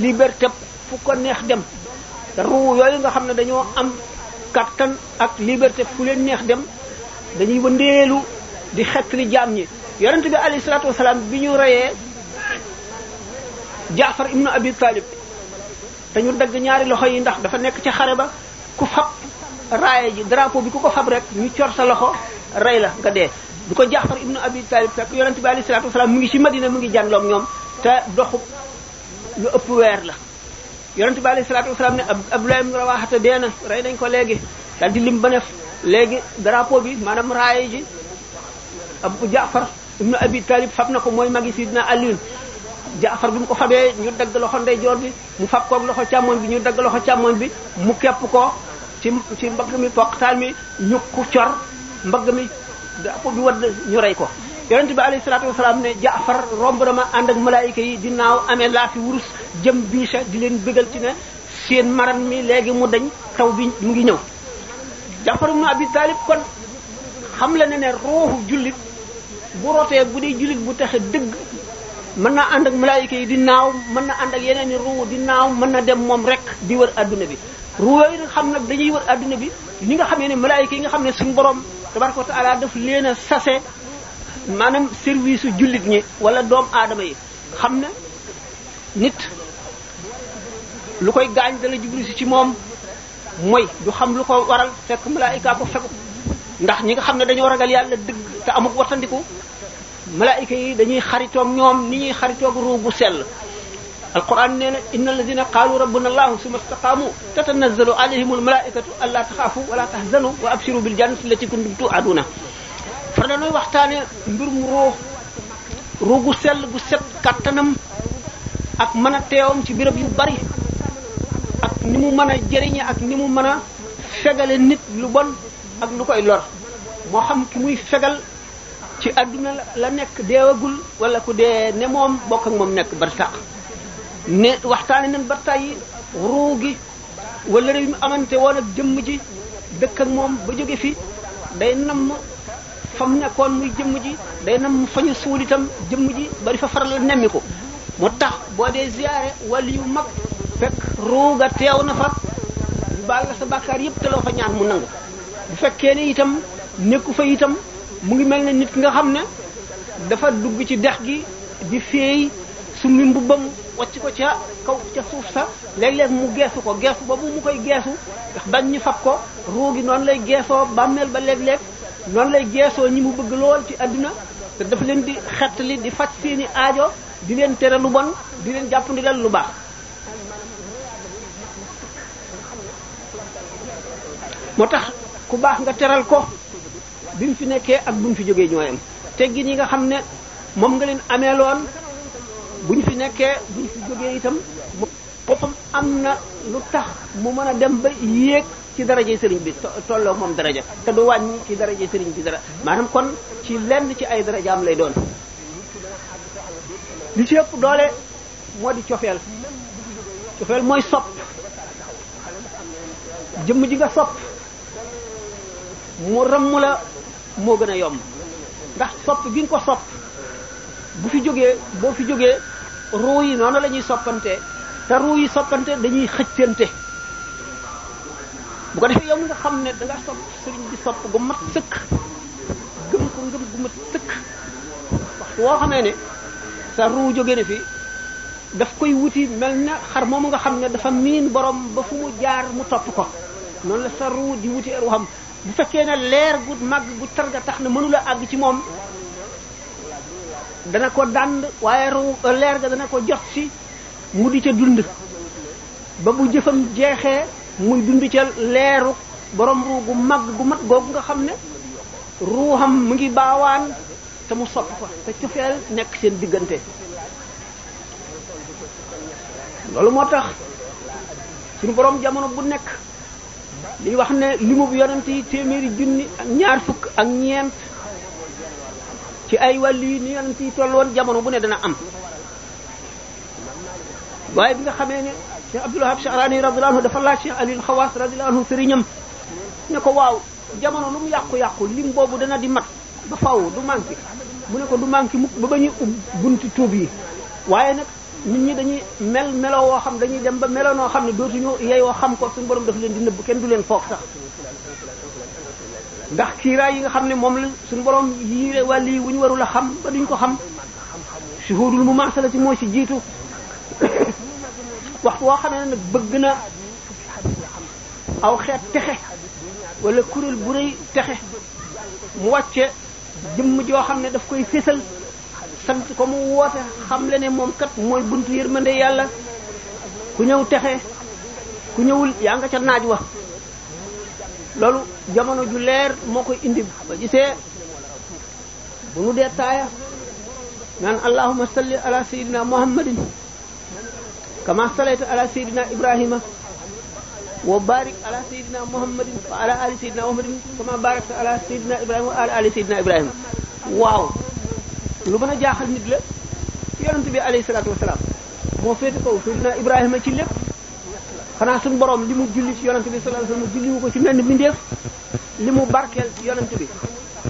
liberté fu ko neex dem ruu yooyu nga xam ne dañoo am kàttan ak liberté fu leen neex dem dañuy wëndeelu di xett li jaam ñi yonent bi alayhi salaatu wasalaam bi ñu reyee jaafar ibnu abi talib te ñu dagg ñaari loxo yi ndax dafa nekk ci xare ba ku fab raaye ji drapeau bi ku ko fab rek ñu cor sa loxo rey la nga dee du ko jaafar ibnu abi talib fekk yonent bi alayhi salaatu wasalaam mu ngi ci madina mu ngi jànloom ñoom te doxu lu ëpp weer la yonent bi alayhi salaatu wasalaam ne Abdullah ibn Rawaha dee na rey nañ ko léegi daal di lim ba ne léegi drapeau bi maanaam Abu Jaafar ibnu Abi fab na ko mooy magi Sidina Alioune Jaafar bi mu ko fabee ñu dagg loxo ndeyjoor bi mu fab koog loxo càmmoñ bi ñu dagg loxo càmmoñ bi mu kepp ko ci ci mbagg mi poqtaan mi ñu ku cor mbagg mi ko bi wadd ñu rey ko yonente bi alayhi salaatu wasalaam ne jaafar romb dama ànd ak malaayika yi di naaw amee laa fi wurus jëm biisa di leen bëggal ci ne seen maran mi léegi mu dañ taw bi mu ngi ñëw jaafar ibnu abi kon xam la ne ne rooxu jullit bu rotee bu dee jullit bu taxe dëgg mën na ànd ak malaayika yi di naaw mën na ànd yeneen i di naaw mën na dem moom rek di wër adduna bi ruu xam nag dañuy wër adduna bi ni nga xamee ne malaayika yi nga xam ne suñu borom tabaraka wa taala daf leen sase maanaam service su jullit ñi wala doom aadama yi xam na nit lu koy gaañ dala jublu si ci moom mooy du xam lu ko waral fekk malaayika ko fekk ndax ñi nga xam ne dañoo ragal yàlla dëgg te amuk wattandiku malaayika yi dañuy xaritoog ñoom ni ñuy xaritoog ruugu sell alquran nee na inna alladina qaalu rabbuna allahu summa staqaamu tatanazzalu alayhim almalaikatu an laa taxaafu wala tahzanu wa absiru bil jannati allati kuntum tuaduna far dañooy waxtaane mbirum ruux ruugu sell gu set kattanam ak mën a teewam ci birab yu bari ak ni mu mën a jëriñe ak ni mu mën a fegale nit lu bon ak lu koy lor moo xam ki muy fegal ci àdduna la nekk deewagul wala ku dee ne moom bokk ak moom nekk barsaq ne waxtaane nañ ba tàyyi ruu gi wala réew amante woon ak jëmm ji dëkk moom ba jóge fi day namm fa mu nekkoon muy jëmm ji day namm fa ñu suul itam jëmm ji bari fa faral nemmi ko moo tax boo dee ziyaare wàll yu mag fekk ruuga teew na fa baal la sa bàkkaar yëpp te loo fa ñaan mu nangu bu fekkee ne itam nekku fa itam mu ngi mel na nit ki nga xam ne dafa dugg ci dex gi di feey summi mbubbam wacc ko ca kaw ca suuf sa léeg-léeg mu geesu ko geesu ba bu mu koy geesu ndax bañ ñi fab ko ruugi noonu lay geesoo bàmmeel ba léeg-léeg noonu lay geesoo ñi mu bëgg lool ci àdduna te daf leen di xettali di faj seeni aajo di leen tere lu bon di leen jàppandi leen lu baax ku baax nga teral ko bi mu fi nekkee ak bu mu fi jógee ñooyam teggin yi nga xam ne moom nga leen ameeloon bu ñu fi nekkee bu ñu fi jógee itam boppam am na lu tax mu mën a dem ba yéeg ci daraje sëriñ bi tolloo moom daraja te du wàññi ci daraje sëriñ bi dara maanaam kon ci lenn ci ay darajaam lay doon li ci ëpp doole moo di cofeel cofeel mooy sopp jëmm ji nga sopp mu ramm la moo gën a yomb ndax sopp gi nga ko sopp bu fi jógee boo fi jógee ruu yi noonu la ñuy soppante te ruu yi soppante dañuy xëccante bu ko defee yow mi xam ne da nga sopp sëriñ bi sopp gu mat sëkk gëm ko ngëm gu mat sëkk woo xamee ne sa ruu jóge ne fi daf koy wuti mel na xar moomu nga xam ne dafa miin borom ba fu mu jaar mu topp ko noonu la sa ruu di wuti ruuxam bu fekkee ne leer gu màgg gu targa tax na mënula àgg ci moom dana ko dànd waaye leer ga dana ko jot si mu di ca dund ba bu jëfam jeexee muy dund ca leeru borom ruu gu màgg gu mat googu nga xam ne ruuxam mu ngi baawaan te mu sopp ko te cofeel nekk seen diggante loolu moo tax suñu boroom jamono bu nekk li wax ne limu bu yonent yi téeméeri junni ak ñaar fukk ak ñeent ci ay wàll yi ni yonent yi jamono bu ne dana am waaye bi nga xamee ne Cheikh Abdul Wahab Sha'rani radiyallahu anhu dafa laaj Cheikh Alil Xawaas radiyallahu anhu ne ko waaw jamono lu mu yàqu-yàqu lim boobu dana di mat ba faw du manqué mu ne ko du manqué mukk ba ba ñuy ub bunti tuub yi waaye nag nit ñi dañuy mel melo woo xam dañuy dem ba melo noo xam ne dootuñu yeyoo xam ko suñ borom daf leen di nëbb kenn du leen foog sax ndax kiiraay yi nga xam ne moom la suñu borom yi wàll yi wu ñu warul a xam ba duñ ko xam suhudul mu maasala ci moo ci jiitu waxtu woo xam ne nag bëgg na aw xeet texe wala kuréel bu rëy texe mu wàcce jëmm joo xam ne daf koy fésal sant ko mu woote xam ne moom kat mooy buntu yërmande yàlla ku ñëw texe ku ñëwul yaa nga ca naaj wax loolu jamono ju leer moo koy indi ba gisee bu nu dee taaya naan allahuma salli ala sayidina muhammadin kama salayta ala sayidina ibrahima wa barik ala sayidina muhammadin wa ala ali sayidina muhammadin kama barakta ala sayidina ibrahima waaw lu mën a jaaxal nit la yonent bi alayhi salaatu wasalaam moo féete kaw Seydina Ibrahima ci lépp xanaa suñu boroom li mu julli ci yonent bi sallallahu alayhi wasallam julli ko ci menn mbindeef li mu barkeel ci bi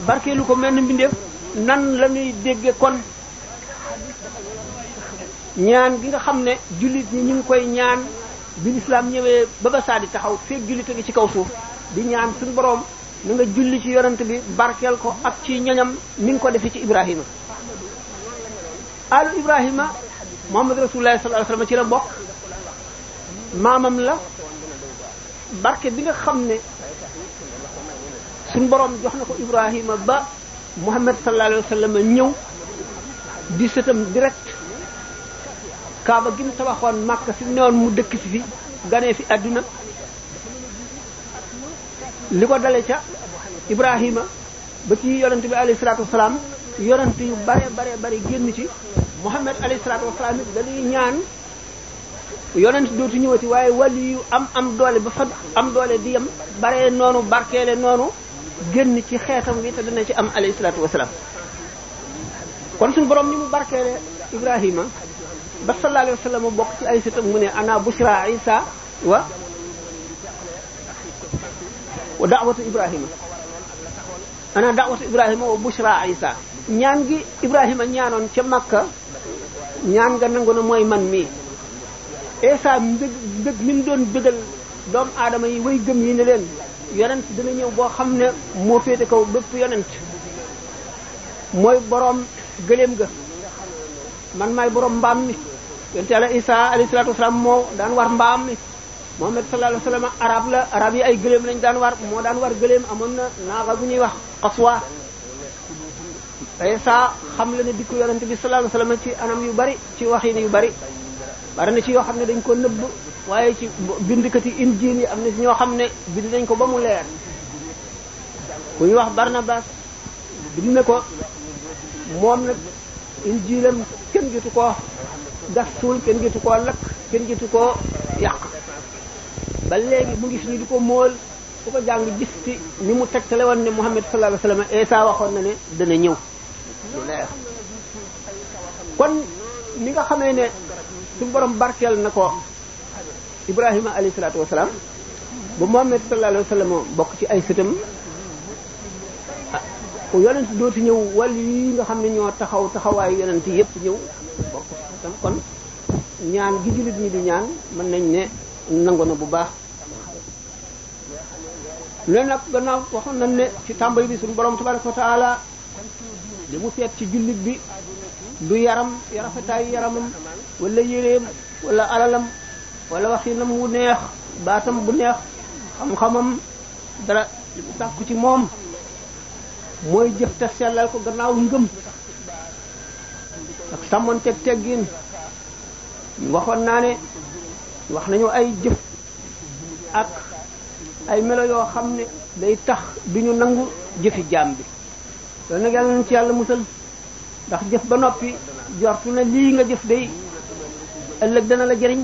barkeelu ko menn mbindeef nan la ñuy dégge kon ñaan gi nga xam ne jullit ñi ñu ngi koy ñaan bi lislaam ñëwee ba ba saa taxaw feeg jullit a ngi ci kaw suuf di ñaan suñu boroom na nga julli ci yonent bi barkeel ko ak ci ñoñam ni nga ko defee ci Ibrahima alu ibrahima muhammad rasulullah sallallahu alayhi wasallam ci la bokk maamam la barke bi nga xam ne suñ borom jox na ko ibrahima ba muhammad sallallahu alayhi wasallam ñëw di sëtam direct kaaba gi mu tabaxoon màkk si newoon mu dëkk si fi ganee fi àdduna li ko dale ca ibrahima ba ci yonent bi alayhi salaatu wasalaam yonent yu bare bare bare génn ci Muhammad alayhi salaatu wasalaam it dañuy ñaan yonent dootu ñëwati waaye wàllu yu am am doole ba fa am doole di yem bare noonu barkeele noonu génn ci xeetam wi te dana ci am alayhi salaatu wasalaam kon suñu borom ni mu barkeele Ibrahima ba sallallahu alayhi wasallam bokk ci ay sëtam mu ne ana bushra isa wa wa Ibrahima ana da'watu Ibrahima wa bushra isa ñaan gi Ibrahima ñaanoon ca Makka ñaan nga nangu na mooy man mii Isa mbëgg mbëgg mi mu doon bëggal doomu aadama yi way gëm yi ne leen yonent dina ñëw boo xam ne moo féete kaw bépp yonent mooy boroom gëléem ga man maay boroom mbaam mi yonent Yàlla Isa alayhi salaatu wasalaam moo daan war mbaam mi Muhammad sallallahu alayhi wasallam la araab yi ay gëléem lañ daan war moo daan war gëléem amoon na naaga bu ñuy wax xaswa tey saa xam la ne dikku yonente bi sallallahu alayhi wasallam ci anam yu bari ci waxin yu bari bari na ci yoo xam ne dañ ko nëbb waaye ci bindkati injiil yi am na ci ñoo xam ne bind nañ ko ba mu leer ku ñu wax Barnabas bind na ko moom nag injiilam kenn jotu koo gas suul kenn jotu ko lakk kenn jotu ko yàq ba léegi mu ngi suñu di ko mool ku ko jàng gis ci ni mu tegtale woon ne Muhammad sallallahu alayhi wasallam Isa waxoon na ne dana ñëw lu kon ni nga xamee ne suñu borom barkeel na ko Ibrahima alayhi salaatu wasalaam ba Muhammad sallallahu alayhi wasallam bokk ci ay sëtam ah, yonent dooti ñëw wala yi nga xam ne ñoo taxaw taxawaayu yonent yépp ci sëtam kon ñaan gi jullit ñi di ñaan mën nañ ne nangu na bu baax loolu nag gannaaw waxoon nañ ne ci tàmbali bi suñu borom tabaraka wa li mu seet ci jullit bi du yaram rafetaayu yaramam wala yéreem wala alalam wala waxinam wu neex baatam bu neex xam-xamam dara sàkku ci moom mooy jëf te sellal ko gannaaw ngëm ak sàmmonteg teggin waxoon naa ne wax nañu ay jëf ak ay melo yoo xam ne day tax du ñu nangu jëfi jaam bi loolu nag yàlla ci yàlla musal ndax jëf ba noppi jortu na lii nga jëf day ëllëg dana la jëriñ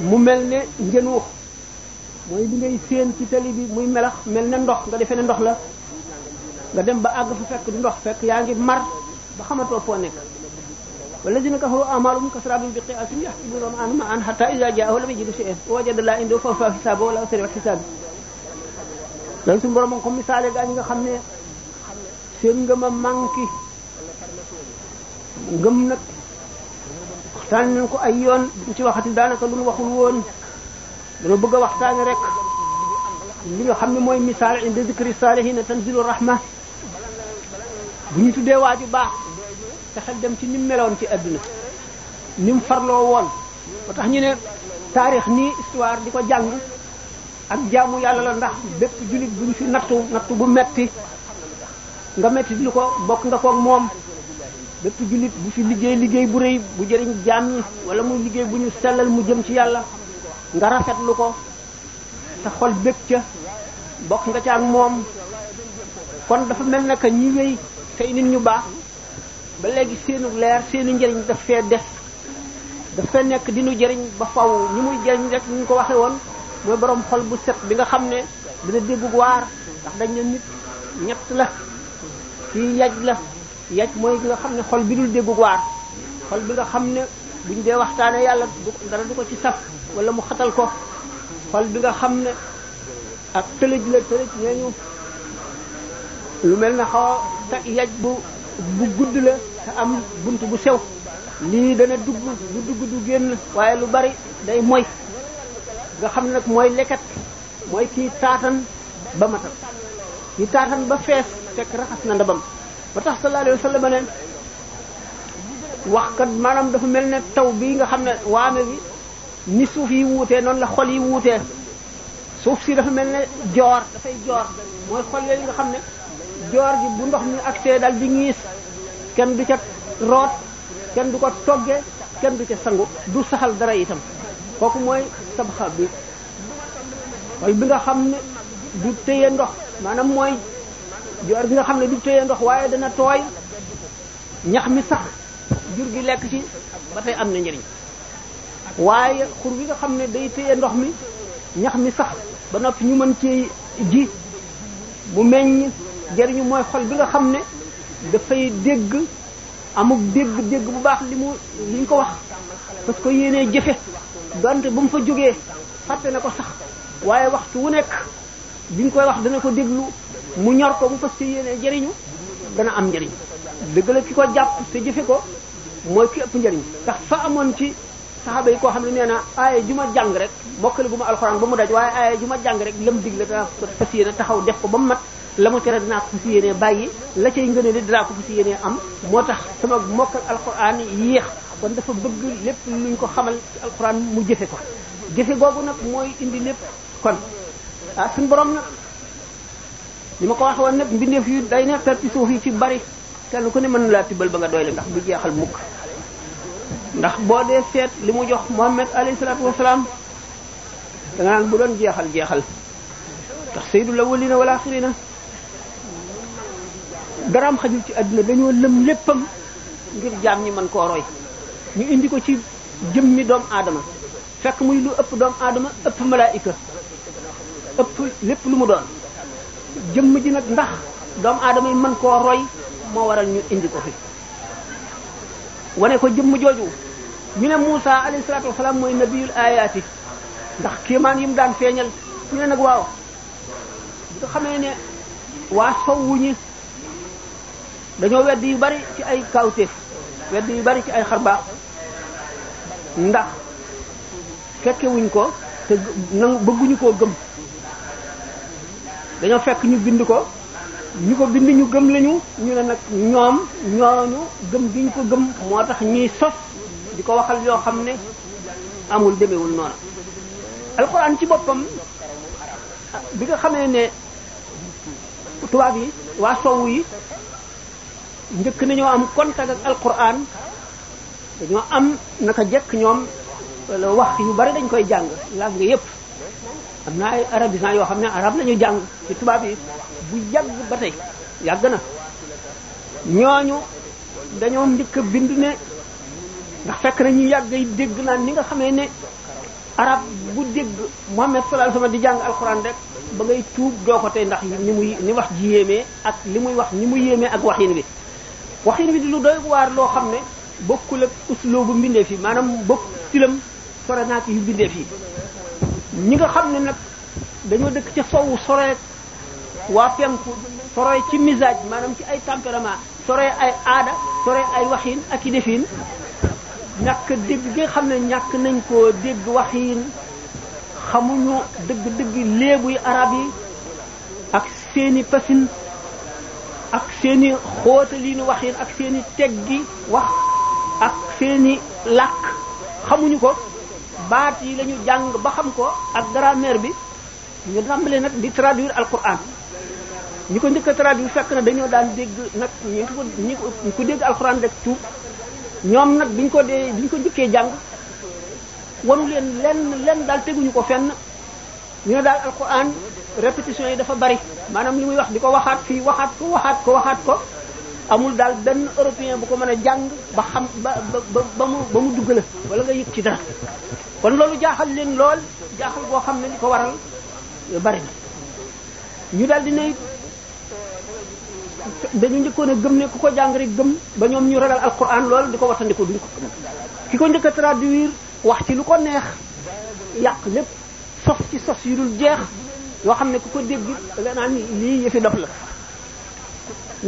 mu mel ne njën wax mooy bi ngay séen ci tali bi muy melax mel ne ndox nga defee ne ndox la nga dem ba àgg fu fekk du ndox fekk yaa ngi mar ba xamatoo foo nekk walladina kafaru amaluhum kasrabin bi qi'atin yahsabuna ma'an ma'an hatta idha ja'ahu lam yajidu shay'an wajada la indahu fawfa hisabahu wa la sari'a hisabi loolu suñu borom ko misaale gaa ñi nga xam ne seen nga ma a manqué ngëm nag waxtaan nañ ko ay yoon duñ ci waxati daanaka lu nu waxul woon dana bëgg a waxtaane rek li nga xam ne mooy misaal inda zikri salihina tanzilu rahma bu ñu tuddee waa ju baax te dem ci nim meloon ci adduna nim farloo woon ba tax ñu ne taarix nii histoire di ko jàng ak jaamu yàlla la ndax bépp jullit bu ñu fi nattu nattu bu metti nga métti lu ko bokk nga koog moom bépp jullit bu fi liggéey liggéey bu rëy bu jëriñ jànn ñi wala muy liggéey bu ñu sellal mu jëm ci yàlla nga lu ko sa xol bég ca bokk nga ca ak moom kon dafa mel na ñi wéy tey nit ñu baax ba léegi seenu leer seenu njëriñ daf fee des daf fee nekk di nu ba faw ñi muy jëriñ rek ñu ko waxee woon mooy boroom xol bu set bi nga xam ne dina dégg waar ndax dañ ne nit ñett la fii yaj la yaj mooy bi nga xam ne xol bi dul déggu waar xol bi nga xam ne buñ dee waxtaanee yàlla dara du ko ci saf wala mu xatal ko xol bi nga xam ne ak tëlëj la tëlëj nee ñu lu mel na xaw a yaj bu bu gudd la te am bunt bu sew lii dana dugg gudd gudd génn waaye lu bari day moy nga xam ne nag mooy leket mooy kii taatan ba matal kii taatan ba fees fekk raxas na ndabam ba tax sallallahu alayhi wa sallam wax kat maanaam dafa mel ne taw bii nga xam ne waame bi ni suuf yi wuutee noonu la xol yi wuutee suuf si dafa mel ne joor dafay joor mooy xol yooyu nga xam ne joor ji bu ndox mi agsee dal di ñiis kenn du ca root kenn du ko togge kenn du ca sangu du saxal dara itam kooku mooy sabxa bi mooy bi nga xam ne du téye ndox maanaam mooy joor gi nga xam ne du téye ndox waaye dana tooy ñax mi sax jur gi lekk ci ba tey am na njariñ waaye xur wi nga xam ne day téye ndox mi ñax mi sax ba noppi ñu mën ci ji mu meññ jëriñu mooy xol bi nga xam ne dafay dégg amuk dégg dégg bu baax li mu li ñu ko wax parce que yéenee jëfe donte ba mu fa jógee fàtte na ko sax waaye waxtu wu nekk bi ñu koy wax dana ko déglu mu ñor ko mu fas ci yéene jëriñu dana am njëriñ dëgg la ki ko jàpp te jëfe ko mooy ki ëpp njëriñ ndax fa amoon ci saxaaba yi koo xam ne nee na aaye ju jàng rek mokkale bu ma alxuraan ba mu daj waaye aaye ju ma jàng rek lam digle danaa ko fas yéene taxaw def ko ba mu mat la ma tere dinaa ko fas yéene bàyyi la cay ngëne li dinaa ko fas yéene am moo tax sama mokkal alxuraan yéex kon dafa bëgg lépp luñ ko xamal ci alxuraan mu jëfe ko jëfe googu nag mooy indi lépp kon ah, li ma ko wax woon nag mbindeef yu day ne per ci suuf yi ci bari kenn ko ne mën laa tibbal ba nga doy li ndax du jeexal mukk ndax boo dee seet li mu jox Muhammad alayhi salaatu wasalaam da nga bu doon jeexal jeexal ndax sayyidul awwalina wal axirina daraam xajul ci àdduna dañoo lëm léppam ngir jaam ñi man koo roy ñu indi ko ci jëmmi doomu aadama fekk muy lu ëpp doomu aadama ëpp malaayika ëpp lépp lu mu doon jëmm ji nag ndax doomu aadama yi mën koo roy moo waral ñu indi ko fi wane ko jëmm jooju ñu ne Moussa alayhi salaatu wasalaam mooy nabiyul ayaati ndax kéemaan yi mu daan feeñal ñu ne nag waaw nga xamee ne waa sowwu ñi dañoo wedd yu bari ci ay kawtéef wedd yu bari ci ay xarbaax ndax fekke wuñ ko te nangu bëgguñu koo gëm dañoo fekk ñu bind ko ñu ko bind ñu gëm lañu ñu ne nag ñoom ñooñu gëm gi ñu ko gëm moo tax ñuy sos di ko waxal yoo xam ne amul demewul noonu alxuraan ci boppam bi nga xamee ne tubaab yi waa soowu yi njëkk nañoo am contact ak alxuraan dañoo am naka jekk ñoom euh, wax yu bari dañ koy jàng langue yépp am na ay arabisants yoo xam ne arab la ñu jàng ci tubaab yi bu yàgg ba tey yàgg na ñooñu dañoo njëkk a bind ne ndax fekk na ñu yàgg ay dégg naan ni nga xamee ne arab bu dégg Muhammad sallallahu alayhi di jàng alxuraan rek ba ngay tuub doo ko tey ndax ni mu ni wax ji yéemee ak li muy wax ni mu yéemee ak waxin bi waxin bi di lu doy waar loo xam ne bokkul ak usloo bu mbindee fii maanaam bokk tilam sore naa yu bindee fii ñi nga xam ne nag dañoo dëkk ci sowu soree waa penku soree ci misaaj maanaam ci ay tempérament soree ay aada soree ay waxin ak i defin ñàkk dégg gi nga xam ne ñàkk nañ koo dégg waxin xamuñu dëgg-dëgg léebuy arab yi ak seeni pasin ak seeni xóotaliinu waxin ak seeni teggi wax ak seeni làkk xamuñu ko baat yi la ñu jàng ba xam ko ak grammaire bi ñu tàmbali nag di traduire alquran ñu ko njëkk a traduire fekk na dañoo daan dégg nag ñi ko ñi ko dégg alquran rek tuub ñoom nag biñ ko dee biñ ko njëkkee jàng waru leen lenn lenn daal teguñu ko fenn ñu ne daal alquran répétition yi dafa bari maanaam li muy wax di ko waxaat fii waxaat ko waxaat ko waxaat ko amul daal benn européen bu ko mën a jàng ba xam ba ba ba mu mu dugg la wala nga yëg ci dara kon loolu jaaxal leen lool jaaxal boo xam ne li ko waral bari na ñu daal di ne dañu njëkkoon a gëm ne ku ko jàng rek gëm ba ñoom ñu ragal alquran lool di ko watandiku duñ ko ki ko njëkk a traduire wax ci lu ko neex yàq lépp sos ci sos yu dul jeex yoo xam ne ku ko dégg da naan lii yëfi dof la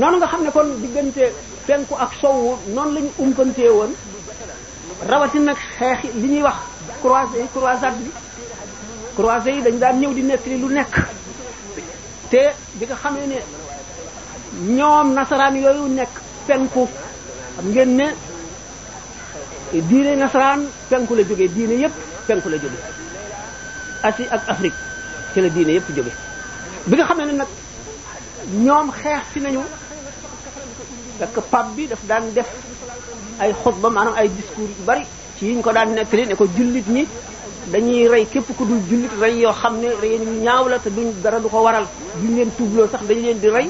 noonu nga xam ne kon diggante penku ak sowu noonu la ñu umpantee woon rawatina nag xeexi li ñuy wax croisé croisade bi croisé yi dañ daan ñëw di nekk li lu nekk te bi nga xamee ne ñoom nasaraan yooyu nekk penku xam ngeen ne diine nasaraan penku la jóge diine yépp penku la jóge Asie ak Afrique ci la diine yépp jóge bi nga xamee ne nag ñoom xeex si nañu fekk pap bi daf daan def ay xutba maanaam ay discours yu bari ci ñu ko daan nettali ne ko jullit ñi dañuy rey képp ku dul jullit rey yoo xam ne rey ñu ñaaw la te duñ dara du ko waral duñ leen tuubloo sax dañu leen di rey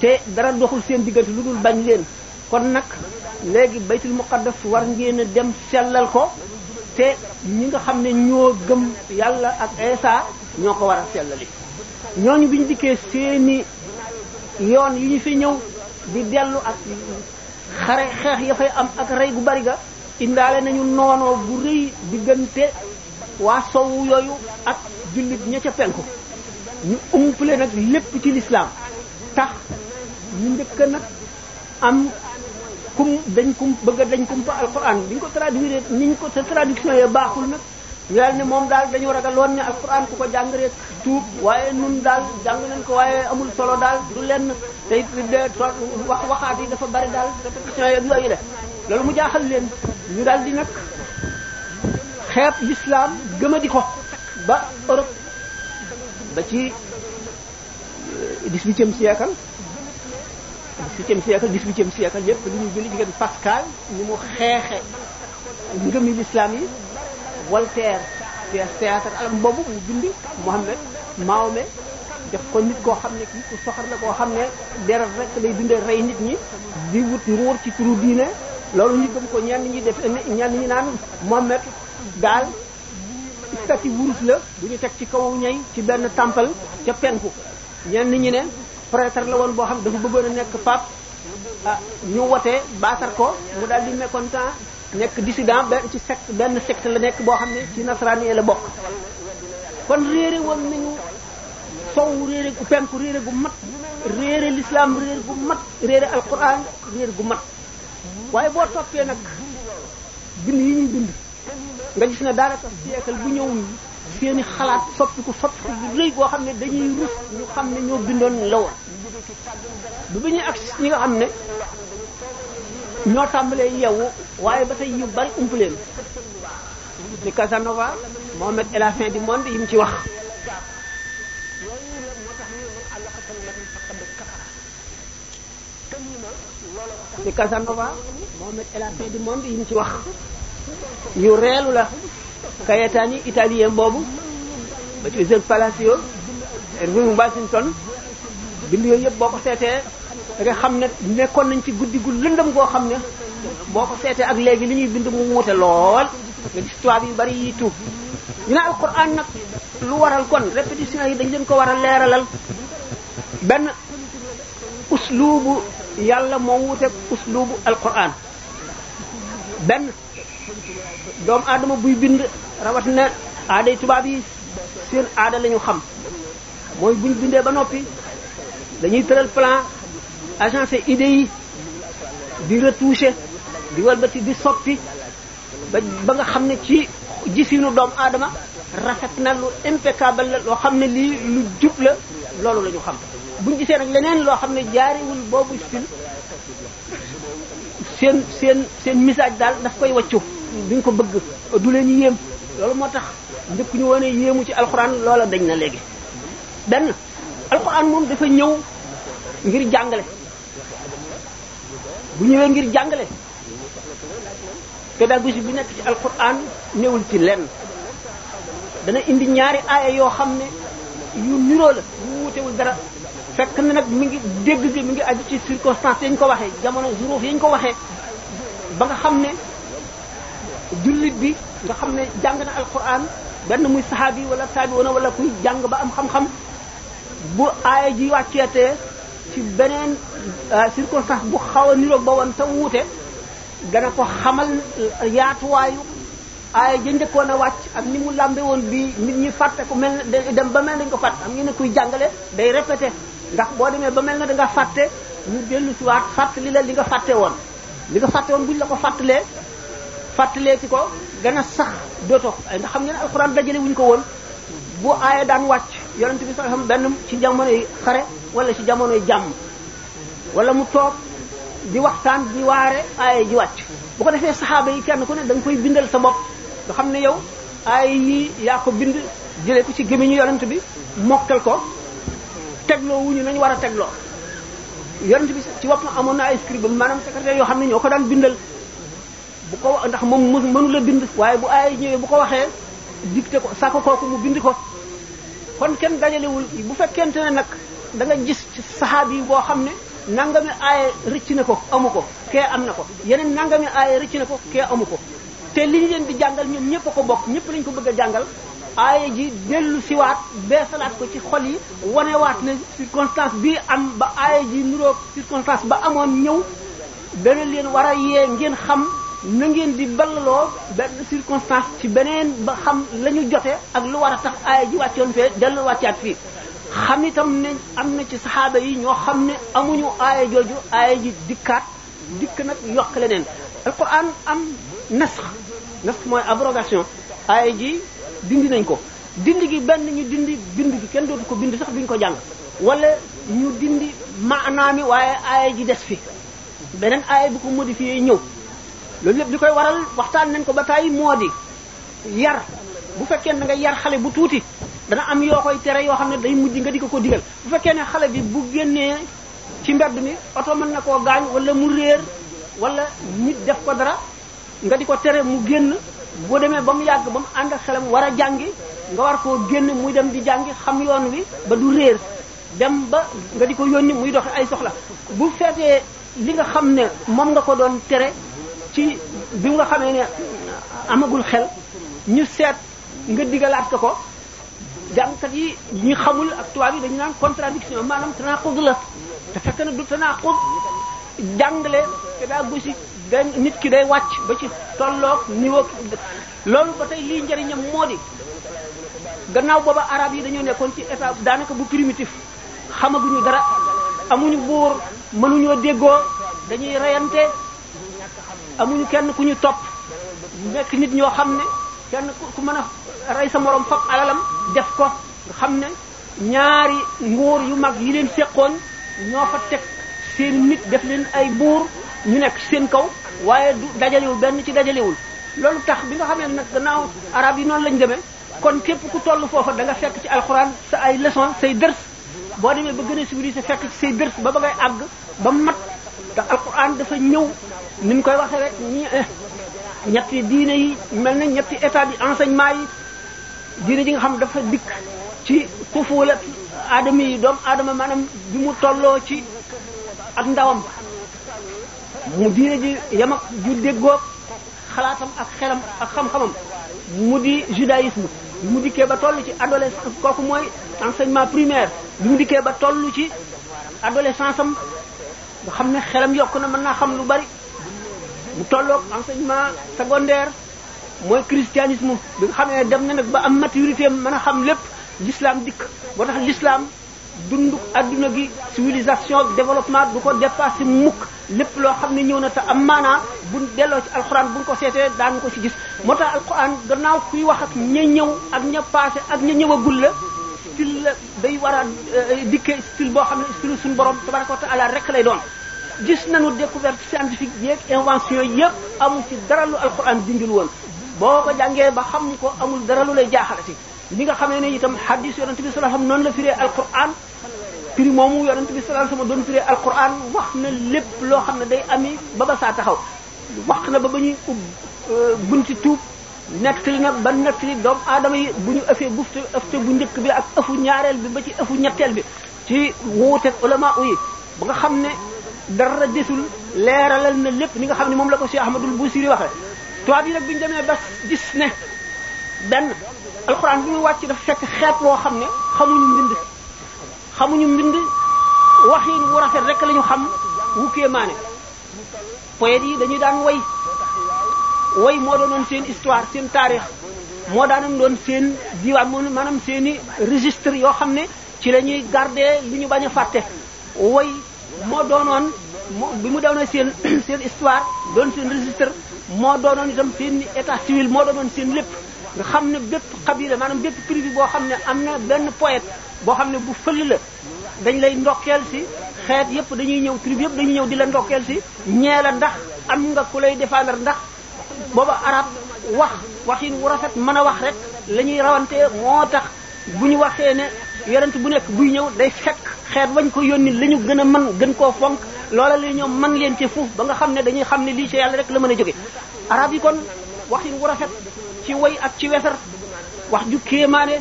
te dara doxul seen diggante lu dul bañ leen kon nag léegi baytul muqaddas war ngeen dem sellal ko te ñi nga xam ne ñoo gëm yàlla ak Eesa ñoo ko war a sellali ñooñu bi ñu dikkee seeni yoon yi ñu fi ñëw di dellu ak xare xeex ya fay am ak rey gu bari ga indaale nañu noonoo bu rëy diggante waa sowu yooyu ak jullit ña ca penku ñu umpale nag lépp ci lislaam tax ñu njëkk nag am kum dañ kum bëgg a dañ kumpa alquran bi ñu ko traduire niñ ko sa traduction ya baaxul nag ñu daal ne moom daal dañu ragaloon ne alquran ku ko jàng rek tuub waaye nun daal jàng nañ ko waaye amul solo daal du lenn te wax waxaat yi dafa bari daal traduction ya yooyu la loolu mu jaaxal leen ñu daal di nag xeeb l'islam gëmadi ko ba Europe ba ci euh, dix-huitième siècle dix-septième siècle dix-huitième siècle yépp li ñuy jëli diggante Pascal ni mu xeexe ngëmi l'islam yi Voltaire pièce alam boobu mu bindi Mohammed Mahomet def ko nit koo xam ne kii ku soxor la koo xam ne deret rek lay dundee rey nit ñi di wut nguur ci turu diine loolu ñu gëm ko ñenn ñi def ñenn ñi naan moo Mohammed daal stati wurus la bu ñu teg ci kaw ñay ci benn temple ca penku ñenn ñi ne prêtre la woon boo xam ne dafa bëggoon a nekk pape ah ñu wotee baasar ko mu daal di mécontent nekk dissident benn ci secte benn secte la nekk boo xam ne ci nasaraan yi la bokk kon réere woon nañu sow réere gu penku réere gu mat réere l'islam réere gu mat réere alquran réere gu mat waaye boo toppee nag bind yi ñuy bind nga gis ne daanaka siècle bu ñëw seeni xalaat soppiku soppiku bu rëy goo xam ne dañuy rus ñu xam ne ñoo bindoon la woon bu bi ñuy agsi ñi nga xam ne ñoo tàmbalee yeewu waaye ba tey yu bari umpuleen ni Casanova Mohamed et la fin du monde yi mu ci wax ni Casanova Mohamed El Fin du monde yi mu ci wax ñu reelu la Cayetani italien boobu ba ci Jeux Palacio Irving Washington bind yooyu yëpp boo ko seetee da nga xam ne nekkoon nañ ci guddi gu lëndëm goo xam ne boo ko seetee ak léegi li ñuy bind mu wute lool nga gis tubaab yu bari yi tuub ñu ne alquran nag lu waral kon répétition yi dañ leen ko war a leeralal benn uslubu yàlla moo wuteeg uslubu alquran benn doomu aadama buy bind rawatina aaday tubaab yi seen aada la xam mooy buñ bindee ba noppi dañuy tëral plan agence idées yi di retouché di walbati di soppi ba ba nga xam ne ci gisinu doomu aadama rafet na lu impeccable la loo xam ne lii lu la loolu lañu xam buñ gisee nag leneen loo xam ne jaariwul boobu fil seen seen seen message daal daf koy wàccu duñ ko bëgg du leen yéem loolu moo tax njëkk ñu wane yéemu ci alxuraan loola dañ na léegi. benn alxuraan moom dafa ñëw ngir jàngale bu ñëwee ngir jàngale pédagogie bi nekk ci alxuraan néewul ci lenn dana indi ñaari aaya yoo xam ne yu niroo la yu wutewul dara. fekk na nag mu ngi dégg gi mi ngi aju ci circonstance yañ ko waxee jamono juróof yañ ko waxee ba nga xam ne jullit bi nga xam ne jàng na alquran benn muy sahabi wala taabiwuna wala kuy jàng ba am xam-xam bu aaya ji wàcceetee ci beneen euh, circonstance bu xaw a niroog ba woon te wuute dana ko xamal yaatuwaayu aaya ja njëkkoon a wàcc ak ni mu làmbee woon bi nit ñi fàtte ko mel dem ba mel nañ ko fàtte am ngeen ne kuy jàngale day répété ndax boo demee ba mel na da nga fàtte ñu dellu ci waat fàttali la li nga fàtte woon li nga fàtte woon buñ la ko fàttalee fàttalee ci ko gën a sax dootoo nga xam ngeen alxuraan dajale wuñ ko woon bu aaya daan wàcc yonent bi sax xam benn ci jamonoy xare wala ci jamonoy jàmm wala mu toog di waxtaan di waare aaya ji wàcc boo ko defee saxaaba yi kenn ku ne da koy bindal sa bopp nga xam ne yow aaya yi yaa ko bind jëlee ko ci gémmiñu yonent bi mokkal ko tegloo wuñu nañ war a tegloo yonent bi ci boppam amoon na ay scribe maanaam secrétaire yoo xam ne ñoo ko daan bindal bu ko ndax moom mënu mënu bind waaye bu ay ñëwee bu ko waxee dicté ko sàkk kooku mu bind ko kon kenn dajalewul bu fekkente ne nag da nga gis ci saxaab yi boo xam ne nangami aaye rëcc na ko amu ko kee am na ko yeneen nangami aaye rëcc na ko kee amu ko te li ñu leen di jàngal ñoom ñëpp a ko bokk ñëpp lañ ko bëgg a jàngal aaya ji dellu siwaat beesalaat ko ci xol yi wanewaat ne circonstance bi am ba aaya ji nuroog circonstance ba amoon ñëw dana leen war a yee ngeen xam na ngeen di ballaloo benn circonstance ci beneen ba xam la ñu ak lu war a tax aaya ji wàccoon fee dellu wàccaat fii xam itam ne am na ci saxaaba yi ñoo xam ne amuñu aaya jooju aaya ji dikkaat dikk nag yokk leneen alquran am nasx mooy abrogation aaya ji dindi nañ ko dindi gi benn ñu dindi bind gi kenn dootu ko bind sax duñ ko jàng wala ñu dindi maanaam mi waaye aaya ji des fi beneen aaya bu ko modifié ñëw loolu lépp li koy waral waxtaan nañ ko ba tàyyi moo di yar bu fekkee na nga yar xale bu tuuti dana am yoo koy tere yoo xam ne day mujj nga di ko ko digal bu fekkee ne xale bi bu génnee ci mbedd mi oto mën na koo gaañ walla mu réer wala nit def ko dara nga di ko tere mu génn boo demee ba mu yàgg ba mu ànd ak xelam war a jàngi nga war koo génn muy dem di jàngi xam yoon wi ba du réer dem ba nga di ko yónni muy dox ay soxla bu fekkee li nga xam ne moom nga ko doon tere ci bi nga xamee ne amagul xel ñu seet nga digalaat ko ko jàngkat yi ñi xamul ak tubaab yi dañu naan contradiction maanaam tanaqud la te fekk na du tanaqud jàngale pédagogique dañ nit ki day wàcc ba ci tolloog niveau loolu ba tey liy njëriñam moo di gannaaw booba arab yi dañoo nekkoon ci état daanaka bu primitif xamaguñu dara amuñu buur mënuñoo déggoo dañuy reyante amuñu kenn ku ñu topp nekk nit ñoo xam ne kenn ku mën a rey sa morom fab alalam def ko xam ne ñaari nguur yu mag yi leen seqoon ñoo fa teg seen nit def leen ay buur ñu nekk ci seen kaw waaye du dajalewul benn ci dajalewul loolu tax bi nga xamee nag gannaaw arab yi noonu lañ demee kon képp ku toll foofa da nga fekk ci alxuraan sa ay leçon say dërs boo demee ba gën a civilisé fekk ci say dërs ba ba ngay àgg ba mat ndax alxuraan dafa ñëw ni ñu koy waxee rek eh, ñetti diine yi mel na ñetti état bi enseignement yi diine ji nga xam dafa dikk ci kufulat aadama yi doomu aadama maanaam bi mu tolloo ci ak ndawam mu diine ji yam ak ju déggoog xalaatam ak xelam ak xam-xamam mu di judaïsme bi mu dikkee ba toll ci adolescence kooku mooy enseignement primaire bi mu dikkee ba tollu ci adolescence am nga xam ne xelam yokk na mën naa xam lu bari mu tolloog enseignement secondaire mooy christianisme bi nga xam ne dem na nag ba am maturité am mën a xam lépp l'islam dikk moo tax l'islam dundu adduna gi civilisation développement du ko dépassé mukk lépp loo xam ne ñëw na te am maanaa buñ delloo ci alxuraan buñ ko seetee daañu ko ci gis moo tax alxuraan gannaaw kuy wax ak ña ñëw ak ña passé ak ña ñëwagul la style la day war a euh, dikkee style boo xam ne style suñu borom tabaraka wa taala rek lay doon gis nañu découverte scientifique yeeg invention yëpp amul ci dara lu alxuraan dindul woon boo ko jàngee ba xam ko amul dara lu lay ci li nga xamee ne itam hadis yonent bi sallallahu alayhi noonu la firee alquran firi moomu yonent bi sallallahu alayhi wasallam doon firee alquran wax na lépp loo xam ne day ami ba ba saa taxaw wax na ba ba ñuy ub euh, bunti tuub nettali na ba nettali doomu aadama yi bu ñu ëffee bufte ëfte bu njëkk bi ak ëfu ñaareel bi ba ci ëfu ñetteel bi ci wuuteeg ulama yi ba nga xam ne dara desul leeralal na lépp ni nga xam ne moom la ko Cheikh Ahmadul Busiri waxee tubaab yi nag bi ñu demee ba gis ne benn alxuraan bi muy wàcc dafa fekk xeet woo xam ne xamuñu mbind xamuñu mbind waxin wu rafet rek lañu xam wu kéemaane poètes yi dañuy daan woy woy moo doonoon seen histoire seen taarix moo daanam doon seen diwaan moom maanaam seen i registre yoo xam ne ci lañuy ñuy li ñu bañ a fàtte woy moo doonoon bi mu doonee seen seen histoire doon seen registre moo doonoon itam seen état civil moo doonoon seen lépp nga xam ne bépp xabila maanaam bépp tribu boo xam ne am na benn poète boo xam ne bu fël la dañ lay ndokkeel si xeet yëpp dañuy ñëw tribu yëpp dañuy ñëw di la ndokkeel si ñee la ndax am nga ku lay défendre ndax booba arab wax waxin wu rafet mën a wax rek la ñuy rawantee moo tax bu ñu waxee ne yonent bu nekk buy ñëw day fekk xeet wañ ko yónni la ñu gën a mën gën koo fonk loola la ñoom mën leen ci fuuf ba nga xam ne dañuy xam ne lii ci rek la mën a jóge arab yi kon waxin wu rafet ci way ak ci wesar wax ju kéemaane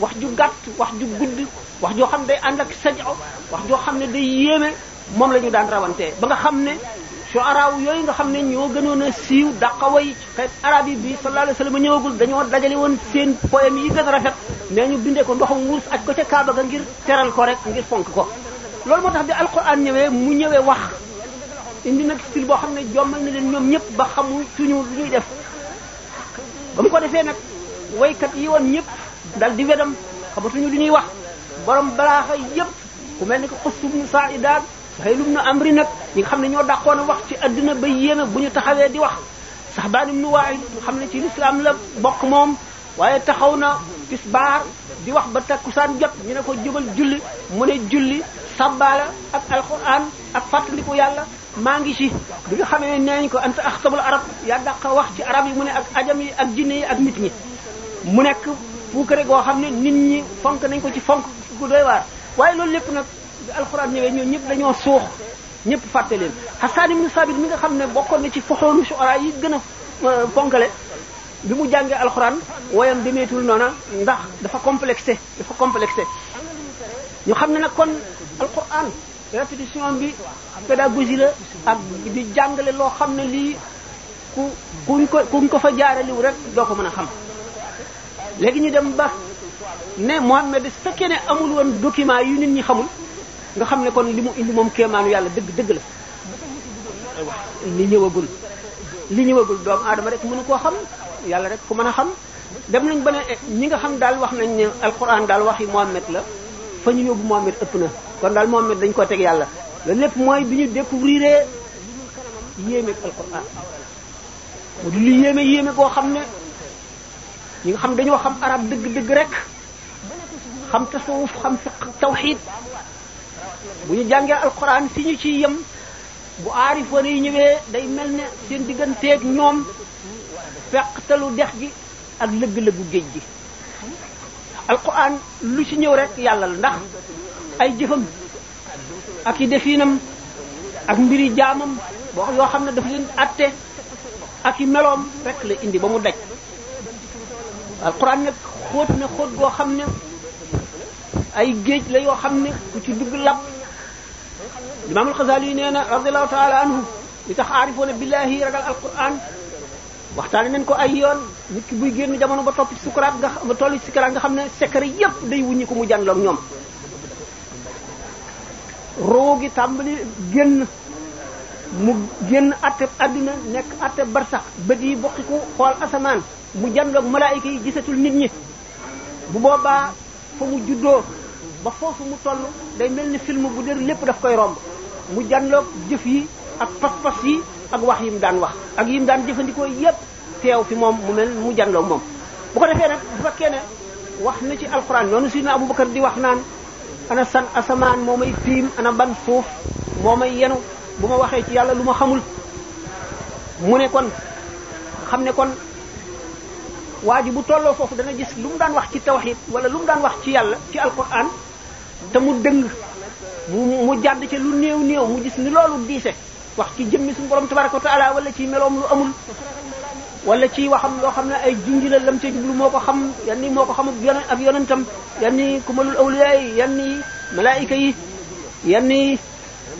wax ju gàtt wax ju gudd wax joo xam day ànd ak sajo wax joo xam ne day yéeme moom la ñu daan rawantee ba nga xam ne shu'araaw yooyu nga xam ne ñoo gënoon a siiw daqaway xeet arab yi bi sallallahu alayhi wasallam ñëwagul dañoo dajale woon seen poème yi gën a rafet mais ñu bindee ko ndoxam wurus aj ko ca Kaaba ga ngir teral ko rek ngir fonk ko loolu moo tax bi al alquran ñëwee mu ñëwee wax indi nag style boo xam ne jommal na leen ñoom ñëpp ba xamu suñu lu ñuy def ba mu ko defee nag waykat yi woon ñëpp dal di wedam xamatuñu li ñuy wax borom balaaxa yëpp ku mel ni ko xustubnu saa i daan suhaylum nu amri nag ñi nga xam ne ñoo dàqoon wax ci adduna ba yéeme bu ñu taxawee di wax sax baanim nu waay xam ne ci am la bokk moom waaye taxaw na tisbaar di wax ba takkusaan jot ñu ne ko jubal julli mu ne julli sàbbaala ak alquran ak fàttaliku yàlla maa ngi ci bi nga xam ne nañ ko anta axsabul arab yaa dàq wax ci arab yi mu ne ak ajam yi ak jinne yi ak nit ñi mu nekk fuukare goo xam ne nit ñi fonk nañ ko ci fonk gu doy waar waaye loolu lépp nag alxuraan ñëwee ñoo ñëpp dañoo suux ñëpp fàtte leen Hassan ibn Sabit mi nga xam ne bokkoon na ci foxoonu suara yi gën a euh, fonkale bi mu jàngee alxuraan woyam demeetul noona ndax dafa complexé dafa complexé ñu xam ne nag kon alxuraan répétition bi pédagogie la ak di jàngale loo xam ne lii ku kuñ ko kuñ ko fa jaaraliw rek doo ko mën a xam léegi ñu dem ba ne Mohamed su fekkee ne amul woon document yu nit ñi xamul nga xam ne kon li mu indi moom kéemaanu yàlla dëgg dëgg la li ñëwagul li ñëwagul doomu aadama rek mënu koo xam yàlla rek ku mën a xam dem nañ ba ne ñi nga xam daal wax nañ ne alquran daal waxi Mohamed la fa ñu yóbbu Mohamed ëpp na kon daal moom it dañ ko teg yàlla loolu lépp mooy bi ñu découvrir yéemeeg alquran mu di lu yéeme yéeme koo xam ne ñi nga xam dañoo xam arab dëgg-dëgg rek xam tasawuf xam fiq tawxid bu ñu jàngee alquran si ñu ci yem bu aarifoon yi ñëwee day mel ne seen digganteeg ñoom feqtalu dex gi ak lëgg-lëggu géej gi alquran lu ci ñëw rek yàlla la ndax ay jëfam ak i defiinam ak mbiri jaamam boo yoo xam ne dafa leen atte ak i meloom rek la indi ba mu daj alxuraan nag xóot na xóot goo xam ne ay géej la yoo xam ne ku ci dugg lab imaam alxasaali yi nee na radiallahu taala anhu li tax aarifoona billahi ragal alquran waxtaane nañ ko ay yoon nit ki buy génn jamono ba topp ci nga ba toll ci sukaraat nga xam ne sekare yépp day wuññi ko mu jànloog ñoom roo gi tàmbali génn mu génn atte adduna nekk atte barsax bët yi bokki ko xool asamaan mu jandoog malaayika yi gisatul nit ñi bu boobaa fa mu juddoo ba foofu mu toll day mel ni film bu dër lépp daf koy romb mu jandoog jëf yi ak pas-pas yi ak wax yi mu daan wax ak yi mu daan jëfandikoo yépp teew fi moom mu mel mu jandoog moom bu defee nag bu fekkee ne wax na ci alxuraan noonu si na Abubakar di wax naan ana san asamaan moo may tiim ana ban suuf moo may yenu bu ma waxee ci yàlla lu ma xamul mu ne kon xam ne kon waa ji bu tolloo foofu dana gis lu mu daan wax ci tawxid wala lu mu daan wax ci yàlla ci alquran te mu dëng mu mu jàdd ci lu néew néew mu gis ni loolu diise wax ci jëmmi sum borom tabaraka wa taala wala ci meloom lu amul wala ci waxam loo xam ne ay junj la lam ca jublu moo ko xam yan ni moo ko xam ak yonentam yan ni kumalul awliya yi yan ni malaayika yi yan ni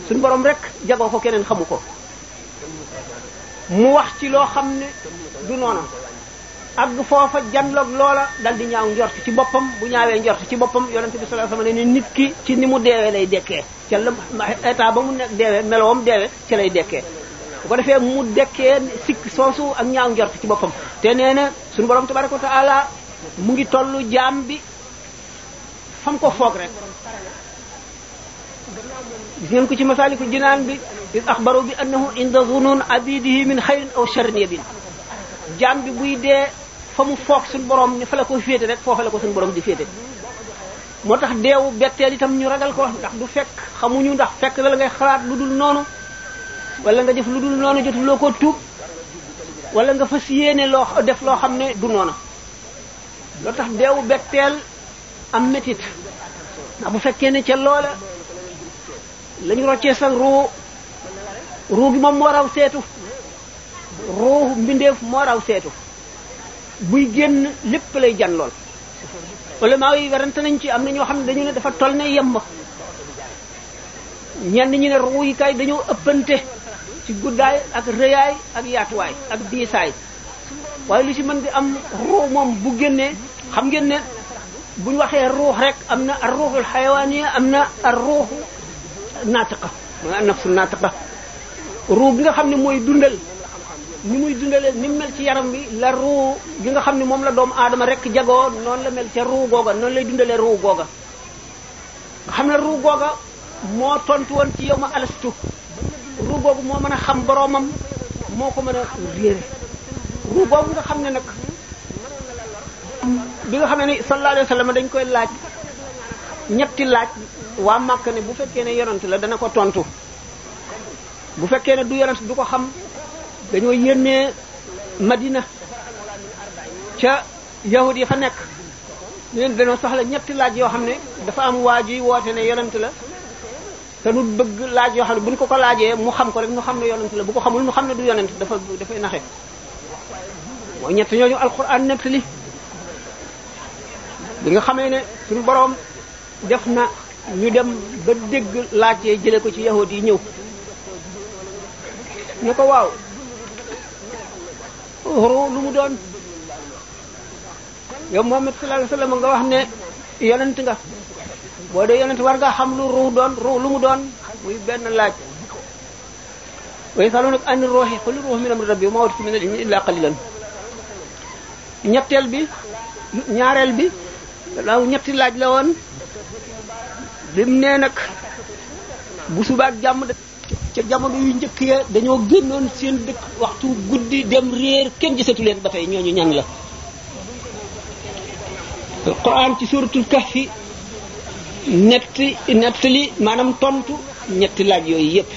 suñ borom rek jagoo ko keneen xamu ko mu wax ci loo xam ne du noona àgg foofa janloog loola dal di ñaaw njort ci boppam bu ñaawee njort ci boppam yonente bi sallallahu alayhi wasallam ne nit ki ci ni mu deewee lay dekkee ca la état ba mu nekk deewee meloom deewee ca lay dekkee bu ko defee mu dekkee sikk soosu ak ñaaw njort ci boppam te nee na suñu borom tabaraka wa taala mu ngi tollu jaam bi fam ko foog rek gis ngeen ko ci masaliku jinaan bi is axbaru bi annahu inda zunun abidihi min xayrin aw sharrin yabin jaam bi buy dee fa mu foog suñu borom ne fa la ko féete rek foofa la ko suñu boroom di féete moo tax deewu betteel yi itam ñu ragal ko ndax du fekk xamuñu ndax fekk la la ngay xalaat lu dul noonu wala nga def lu dul noonu jotuloo ko tuub walla nga fas yéene loo def loo xam ne du noona loo tax deewu betteel am metit ndax bu fekkee ne ca loola la ñu roccee sa ruu ruu moom moo seetu ruu mbindeef moo raw seetu buy génn lépp lay jan lool ulama yi werante nañ ci am na ñoo xam ne dañu ne dafa toll ne yemb ñenn ñi ne ruu yi dañoo ëppante ci guddaay ak rëyaay ak yaatuwaay ak diisaay waaye lu ci mën di am ruux moom bu génnee xam ngeen ne buñ waxee ruux rek am na ar ruuxul yi am na ar ruuxu naatiqa mooy an nafsu ruux bi nga xam ne mooy dundal ni muy dundale ni mu mel ci yaram bi la ruu nga xam ne moom la doomu aadama rek jagoo noon la mel ca ruu googa noonu lay dundalee ruu googa nga xam ne ruu googa moo tontu woon ci yow ma alastu ruu boobu moo mën a xam boromam moo ko mën a réere ruu boobu nga xam ne nag bi nga xam ne ni sallallahu dañ koy laaj ñetti laaj waa Màkka ne bu fekkee ne yonent la dana ko tontu bu fekkee ne du yonent du ko xam dañoo yénnee Madina ca yahud yi fa nekk ñu leen dañoo soxla ñetti laaj yoo xam ne dafa am waa juy woote ne yonent la te du bëgg laaj yoo xam ne bu ñu ko ko laajee mu xam ko rek ñu xam ne yonent la bu ko xamul ñu xam ne du yonent dafa dafay naxe mooy ñett ñooñu alquran nettali bi nga xamee ne suñu boroom def na ñu dem ba dégg laaj yee jële ko ci yahud yi ñëw ne ko waaw xoro lu mu doon yow Muhammad sallallahu alayhi wasallam nga wax ne yonent nga boo dee yonent war nga xam lu ruux doon lu mu doon muy benn laaj way salu nag ani ruuxi xuli ruux min bi ñetti laaj la woon nag bu subaak jàmm ca jamono yu njëkk ya dañoo génnoon seen dëkk waxtu guddi dem réer kenn gisatu leen ba tey ñooñu ñan la Alquran ci suratul kahfi netti nettali maanaam tontu ñetti laaj yooyu yépp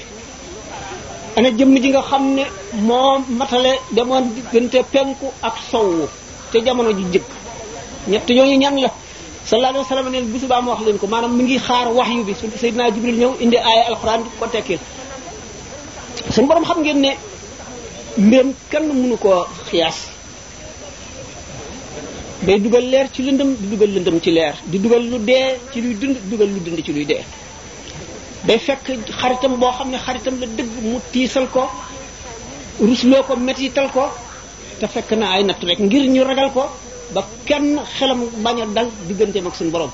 ana jëmm ji nga xam ne moo matale demoon diggante penku ak sowwu te jamono ji jëkk ñett yooyu ñan la sallallahu alayhi wa sallam bu subaa ma wax leen ko maanaam mi ngi xaar wax waxyu bi su Seydina Jibril ñëw indi aaya alxuraan di ko tekkil suñu borom xam ngeen ne mbéem kenn mënu ko xiyaas day dugal leer ci lëndëm di dugal lëndëm ci leer di dugal lu dee ci luy dund dugal lu dund ci luy dee day fekk xaritam boo xam ne xaritam la dëgg mu tiisal ko rusloo ko mettital ko te fekk naa ay natt rek ngir ñu ragal ko ba kenn xelam bañ a dal digganteem ak suñu borom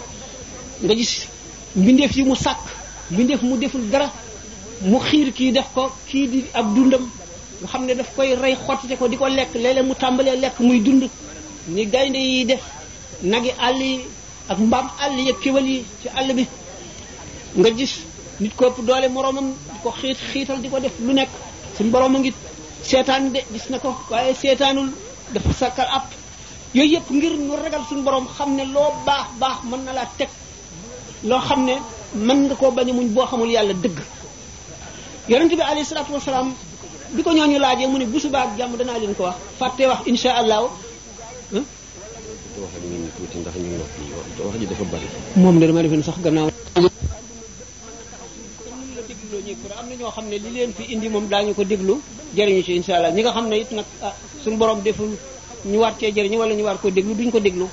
nga gis mbindeef yi mu sàkk mbindeef mu deful dara mu xiir kii def ko kii di ak dundam nga xam ne daf koy rey xottite ko di ko lekk léeg mu tàmbalee lekk muy dund ni gaynde yi def nagi àll yi ak mbaam àll yi ak kéwél yi ci àll bi nga gis nit ko doole moroomam di ko xiit xiital di ko def lu nekk suñ boroom a ngi seetaan de gis na ko waaye seetaanul dafa sakkal àpp yooyu yëpp ngir nu ragal suñu boroom xam ne loo baax baax mën na laa teg loo xam ne mën nga koo bañ muñ boo xamul yàlla dëgg yonent bi alayhi salaatu wasalaam bi ko ñooñu laajee mu ne bu subaa ak jàmm danaa leen ko wax fàtte wax insha allahu te wax wax wax ji dafa bari. moom de dama defe ne sax gannaaw. am na ñoo xam ne li leen fi indi moom daa ñu ko déglu jëriñu ci incha ñi nga xam ne it nag ah suñu borom deful ñu war cee jëriñu wala ñu war ko déglu duñ ko déglu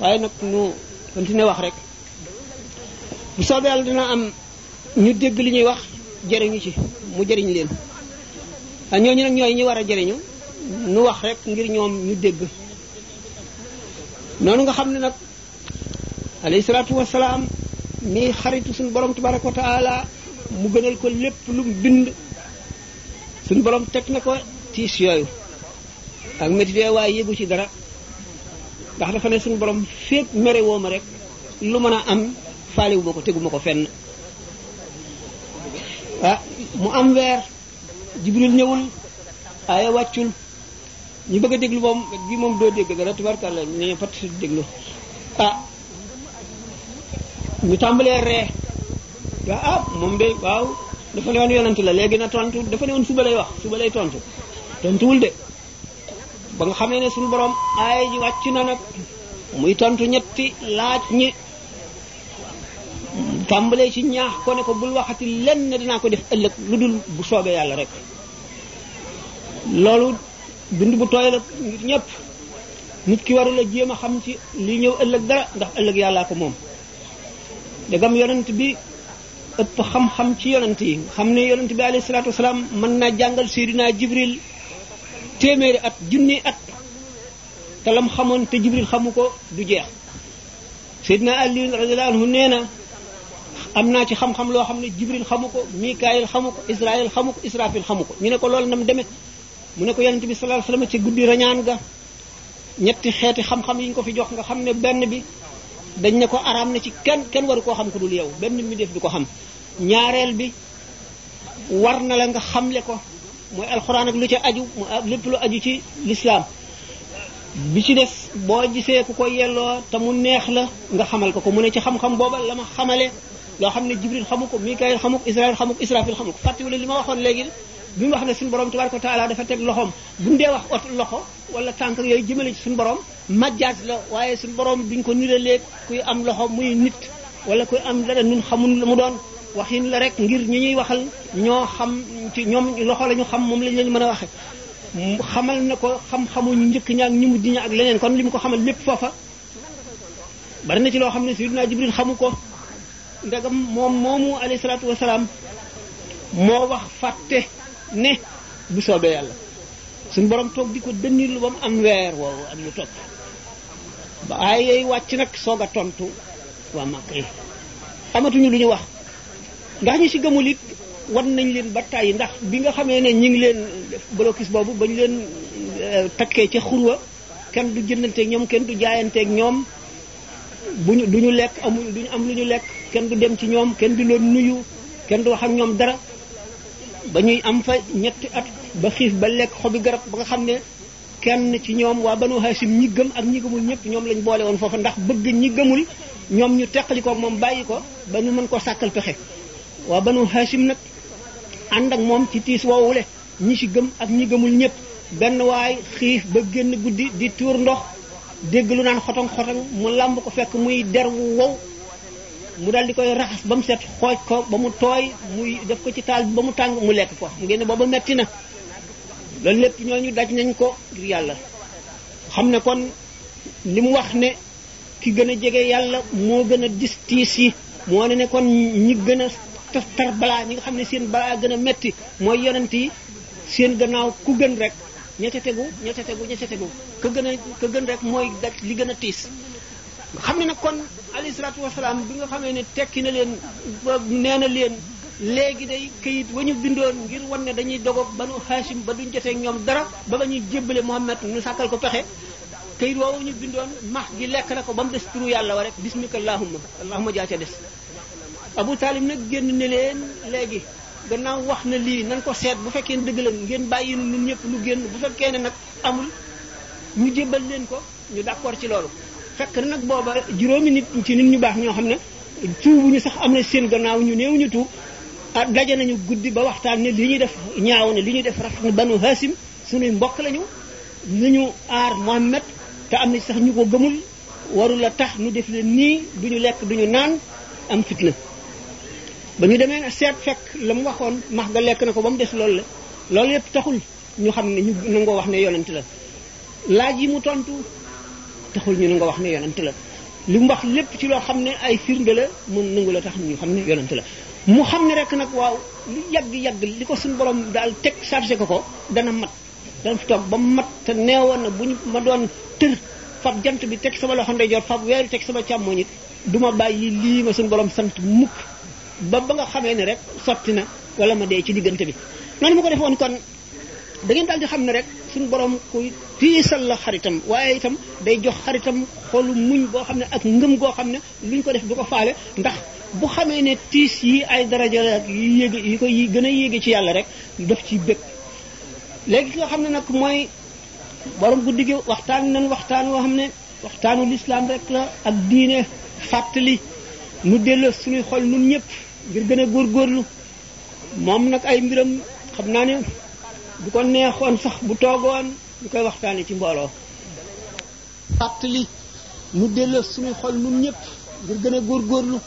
waaye nag ñu continuer wax rek bu soobee yàlla dina am ñu dégg li ñuy wax jëriñu ci mu jëriñ leen ah, ñooñu nag ñooy ñi war a jëriñu nu wax rek ngir ñoom ñu dégg. noonu nga xam ne nag alayhi salaatu wasalaam mi xaritu suñ borom tabaraka wa taala mu gënal ko lépp lu mu bind suñ borom teg na ko tiis yooyu ak métit yooyu waaye yëgu ci dara ndax dafa ne suñu borom féeg mere woo ma rek lu mën a am faalewu ko teguma ko fenn ah, mu am weer jibril ñëwul aaya wàccul ñu bëgg a déglu moom bi moom doo dégg dara tubarkalla ñu ne fat déglu ah ñu tàmbalee ree waaw ah moom de waaw dafa ne woon yonent la léegi na tontu dafa ne woon suba lay wax suba lay tontu tontuwul de ba nga xam ne suñu borom aay ji wàcc na nag muy tontu ñetti laaj ñi tàmbalee ci ñaax ko ne ko bul waxati lenn dinaa ko def ëllëg lu dul bu soogee yàlla rek loolu bind bu tooy la ngir ñëpp nit ki warul a jéem a xam ci li ñëw ëllëg dara ndax ëllëg yàllaa ko moom dagam yonent bi ëpp xam-xam ci yonent yi xam ne yonent bi alayhi salaatu wasalaam mën naa jàngal Seydina Jibril téeméeri at junni at te lam xamoon te Jibril xamu ko du jeex Seydina Ali radiyallahu anhu nee na am naa ci xam-xam loo xam ne Jibril xamu ko Mikaayil xamu ko Israel xamu ko Israfil xamu ko ñu ne ko loolu nam demee mu ne ko yonent bi sallallahu alayhi wasallam ci guddi rañaan ga ñetti xeeti xam-xam yi ñu ko fi jox nga xam ne benn bi dañ ne ko araam na ci kenn kenn waru koo xam ku dul yow benn mi def du ko xam ñaareel bi war na la nga xamle ko mooy alxuraan ak lu ca aju lépp lu aju ci lislaam bi ci des boo gisee ku ko yelloo te mu neex la nga xamal ko ko mu ne ci xam-xam booba la ma xamale loo xam ne jibril xamu ko mikaayil xamu ko israel xamu ko israfil xamu ko fàttiwule li ma waxoon léegi bi mu wax ne suñu borom tabaraka ko taala dafa teg loxoom bu ñu dee wax ot loxo wala tànk yooyu jëmale ci suñu borom majjaas la waaye boroom borom duñ ko niralee kuy am loxo muy nit wala kuy am dara ñun xamuñ la mu doon waxin la rek ngir ñi ñuy waxal ñoo xam ci ñoom loxo la ñu xam lañ leen mën a waxe xamal na ko xam-xamu njëkk ñaak ñi mujj ak leneen kon li mu ko xamal lépp foofa bari na ci loo xam ne Sayyidina Jibril xamu ko ndegam moom moomu alayhi salaatu wasalaam moo wax fàtte ne bu soobee yàlla suñ borom toog di ko dënnil ba mu am weer woowu ak lu topp ba aay wàcc nag soog a tontu waa amatuñu lu ñu wax ndax ñu si gëmul it wan nañ leen ba tàyyi ndax bi nga xamee ne ñi ngi leen blocus boobu bañ leen euh, takkee ca xurwa kenn du jëndanteeg ñoom kenn du jaayanteeg ñoom bu ñu du ñu lekk amuñu du ñu am lu ñu lekk kenn du dem ci ñoom kenn du leen nuyu kenn du wax ak ñoom dara ba ñuy am fa ñetti at ba xiif ba lekk xobi garab ba nga xam ne kenn ci ñoom waa ba banu haasim ñi gëm ak ñi gëmul ñëpp ñoom lañ boole woon foofu ndax bëgg ñi gëmul ñoom ñu teqali ko moom bàyyi ko ba ñu mën koo sàkkal pexe waa banu haasim nag ànd ak moom ci tiis woowule ñi ci gëm ak ñi gëmul ñëpp benn waay xiif ba génn guddi di tuur ndox dégg lu naan xotong xotong mu làmb ko fekk muy der wu wow mu daal di koy raxas ba mu set xooj ko ba mu tooy muy def ko ci taal bi ba mu tàng mu lekk ko ngeen ne booba metti na loolu lépp ñu daj nañ ko yàlla xam ne kon li mu wax ne ki gën a jege yàlla moo gën a dis tiis yi moo ne ne kon ñi gën a tar balaa ñi nga xam ne seen balaa gën a metti mooy yonent yi seen gannaaw ku gën rek ña ca tegu ña ca tegu ña gën a ka gën rek mooy daj li gën a tiis xam ne nag kon alayhi salaatu wasalaam bi nga xamee ne tekki na leen ba nee na leen léegi day kayit wa ñu bindoon ngir wan ne dañuy dogo dogoog banu Hashim ba duñ jotee ñoom dara ba ba ñuy jébbale Muhammad nu sàkkal ko pexe këyit woowu ñu bindoon max gi lekk na ko ba mu des turu yàlla wa rek bismika allahumma allahumma jaa ca des Abu Taalib nag génn ne leen léegi gannaaw wax na lii nan ko seet bu fekkee dëgg la ngeen bàyyi nun ñëpp lu génn bu fekkee ne nag amul ñu jébbal leen ko ñu d'accord ci loolu fekk na nag booba juróomi nit ci nit ñu baax ñoo xam ne tuubuñu sax am na seen gannaaw ñu néew ñu tuub ah daje nañu guddi ba waxtaan ne li ñuy def ñaaw ne li ñuy def rafet na banu Hasim suñuy mbokk lañu nañu aar Muhammad te am na sax ñu ko gëmul warul a tax nu def leen nii duñu lekk ñu naan am fitna ba ñu demee na seet fekk la mu waxoon max ga lekk na ko ba mu des loolu la loolu yëpp taxul ñu xam ne ñu nangoo wax ne yonent la laaj yi mu tontu taxul ñu nga wax ne yonent la li mu lépp ci loo xam ne ay firnde la mën nangu la tax ñu xam ne yonent la mu xam ne rek nag waaw lu yàgg-yàgg li ko suñu borom daal teg chargé ko ko dana mat dana fi toog ba mat te neewoon na bu ma doon tër fab jant bi teg sama loxo ndeyjoor fab weeru teg sama càmmoñ it du ma bàyyi lii ma suñu borom sant mukk ba ba nga xamee ne rek sotti na wala ma dee ci diggante bi noonu mu ko defoon kon da ngeen daal di xam ne rek suñu borom kuy tiisal la xaritam waaye itam day jox xaritam xolu muñ boo xam ne ak ngëm goo xam ne luñ ko def du ko faale ndax bu xamee ne tiis yi ay daraja ak yi yéeg yi ko yi gën a yéege ci yàlla rek daf ci bëgg léegi ki xam ne nag mooy borom guddi waxtaan nañ waxtaan woo xam ne waxtaanu lislaam rek la ak diine fàttali nu delloo suñuy xol nun ñëpp ngir gën a góorlu moom nag ay mbiram xam naa ne bu ko neexoon sax bu toogoon ñu koy waxtaan waxtaane ci mbooloo fàttali mu delloo suñuy xol nun ñépp ngir gën a góorlu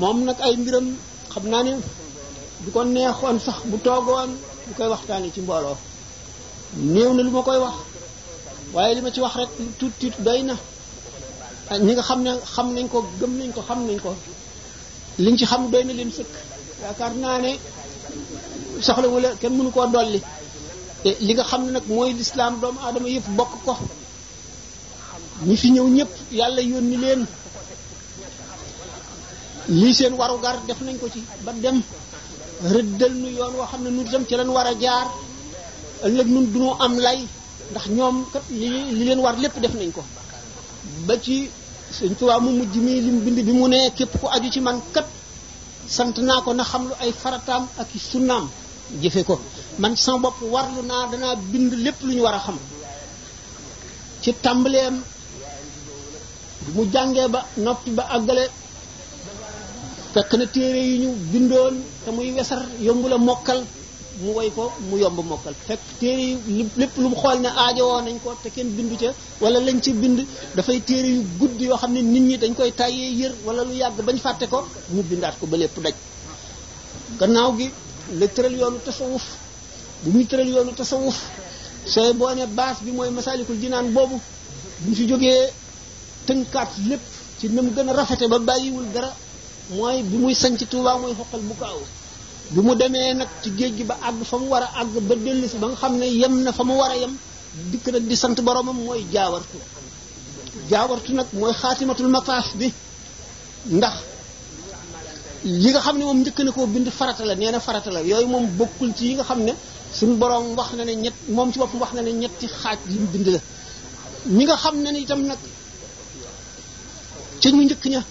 moom nag ay mbiram xam naa ne bu ko neexoon sax bu toogoon ñu koy waxtaane ci mbooloo néew na lu ma koy wax waaye li ma ci wax rek tuut tuut doy na ah, ñi nga xam ne xam nañ ko gëm nañ ko xam nañ ko liñ ci xam doy na leen sëkk yaakaar naa ne soxla wala kenn mënu koo dolli te li nga xam ne nag mooy lislaam doomu aadama yëpp bokk ko ñi fi ñëw ñëpp yàlla yónni leen lii seen warugar def nañ ko ci ba dem rëddal nu yoon woo xam ne nun itam ci leen war a jaar ëllëg nun du ñu am lay ndax ñoom kat li li leen war lépp def nañ ko ba ci Sëñ Tuubaa mu mujj mii lim bind bi mu ne képp ku aju ci man kat sant naa ko na xam lu ay farataam ak sunnaam jëfe ko man ci sama bopp warlu naa danaa bind lépp lu ñu war a xam ci tàmbaleem mu jàngee ba noppi ba àggale fekk na téere yi ñu bindoon te muy wesar yombu la mokkal mu woy ko mu yomb mokkal fekk téere yi lépp lu mu xool ne woon nañ ko te kenn bindu ca wala lañ ci bind dafay téere yu gudd yoo xam ne nit ñi dañ koy tàyyee yër wala lu yàgg bañ fàtte ko mu bindaat ko ba lépp daj la tëral yoonu tasawuf bu muy tëral yoonu tasawuf sooy boo ne baas bi mooy masaalikul jinaan boobu buñ fi jógee tënkaat lépp ci na gën a rafete ba bàyyiwul dara mooy bi muy sanc Tuubaa mooy xoqal bu kaaw bi mu demee nag ci géej gi ba àgg fa mu war a àgg ba dellu si ba nga xam ne yem na fa mu war a yem dikk nag di sant boromam mooy jaawartu jaawartu nag mooy xaatimatul mataaf bi ndax yi nga xam ne moom njëkk na koo bind farata la nee na farata la yooyu moom bokkul ci yi nga xam ne suñu boroom wax na ne ñett moom ci boppam wax na ne ñetti xaaj yi mu bind ñi nga xam ne ni itam nag ci ñu njëkk ña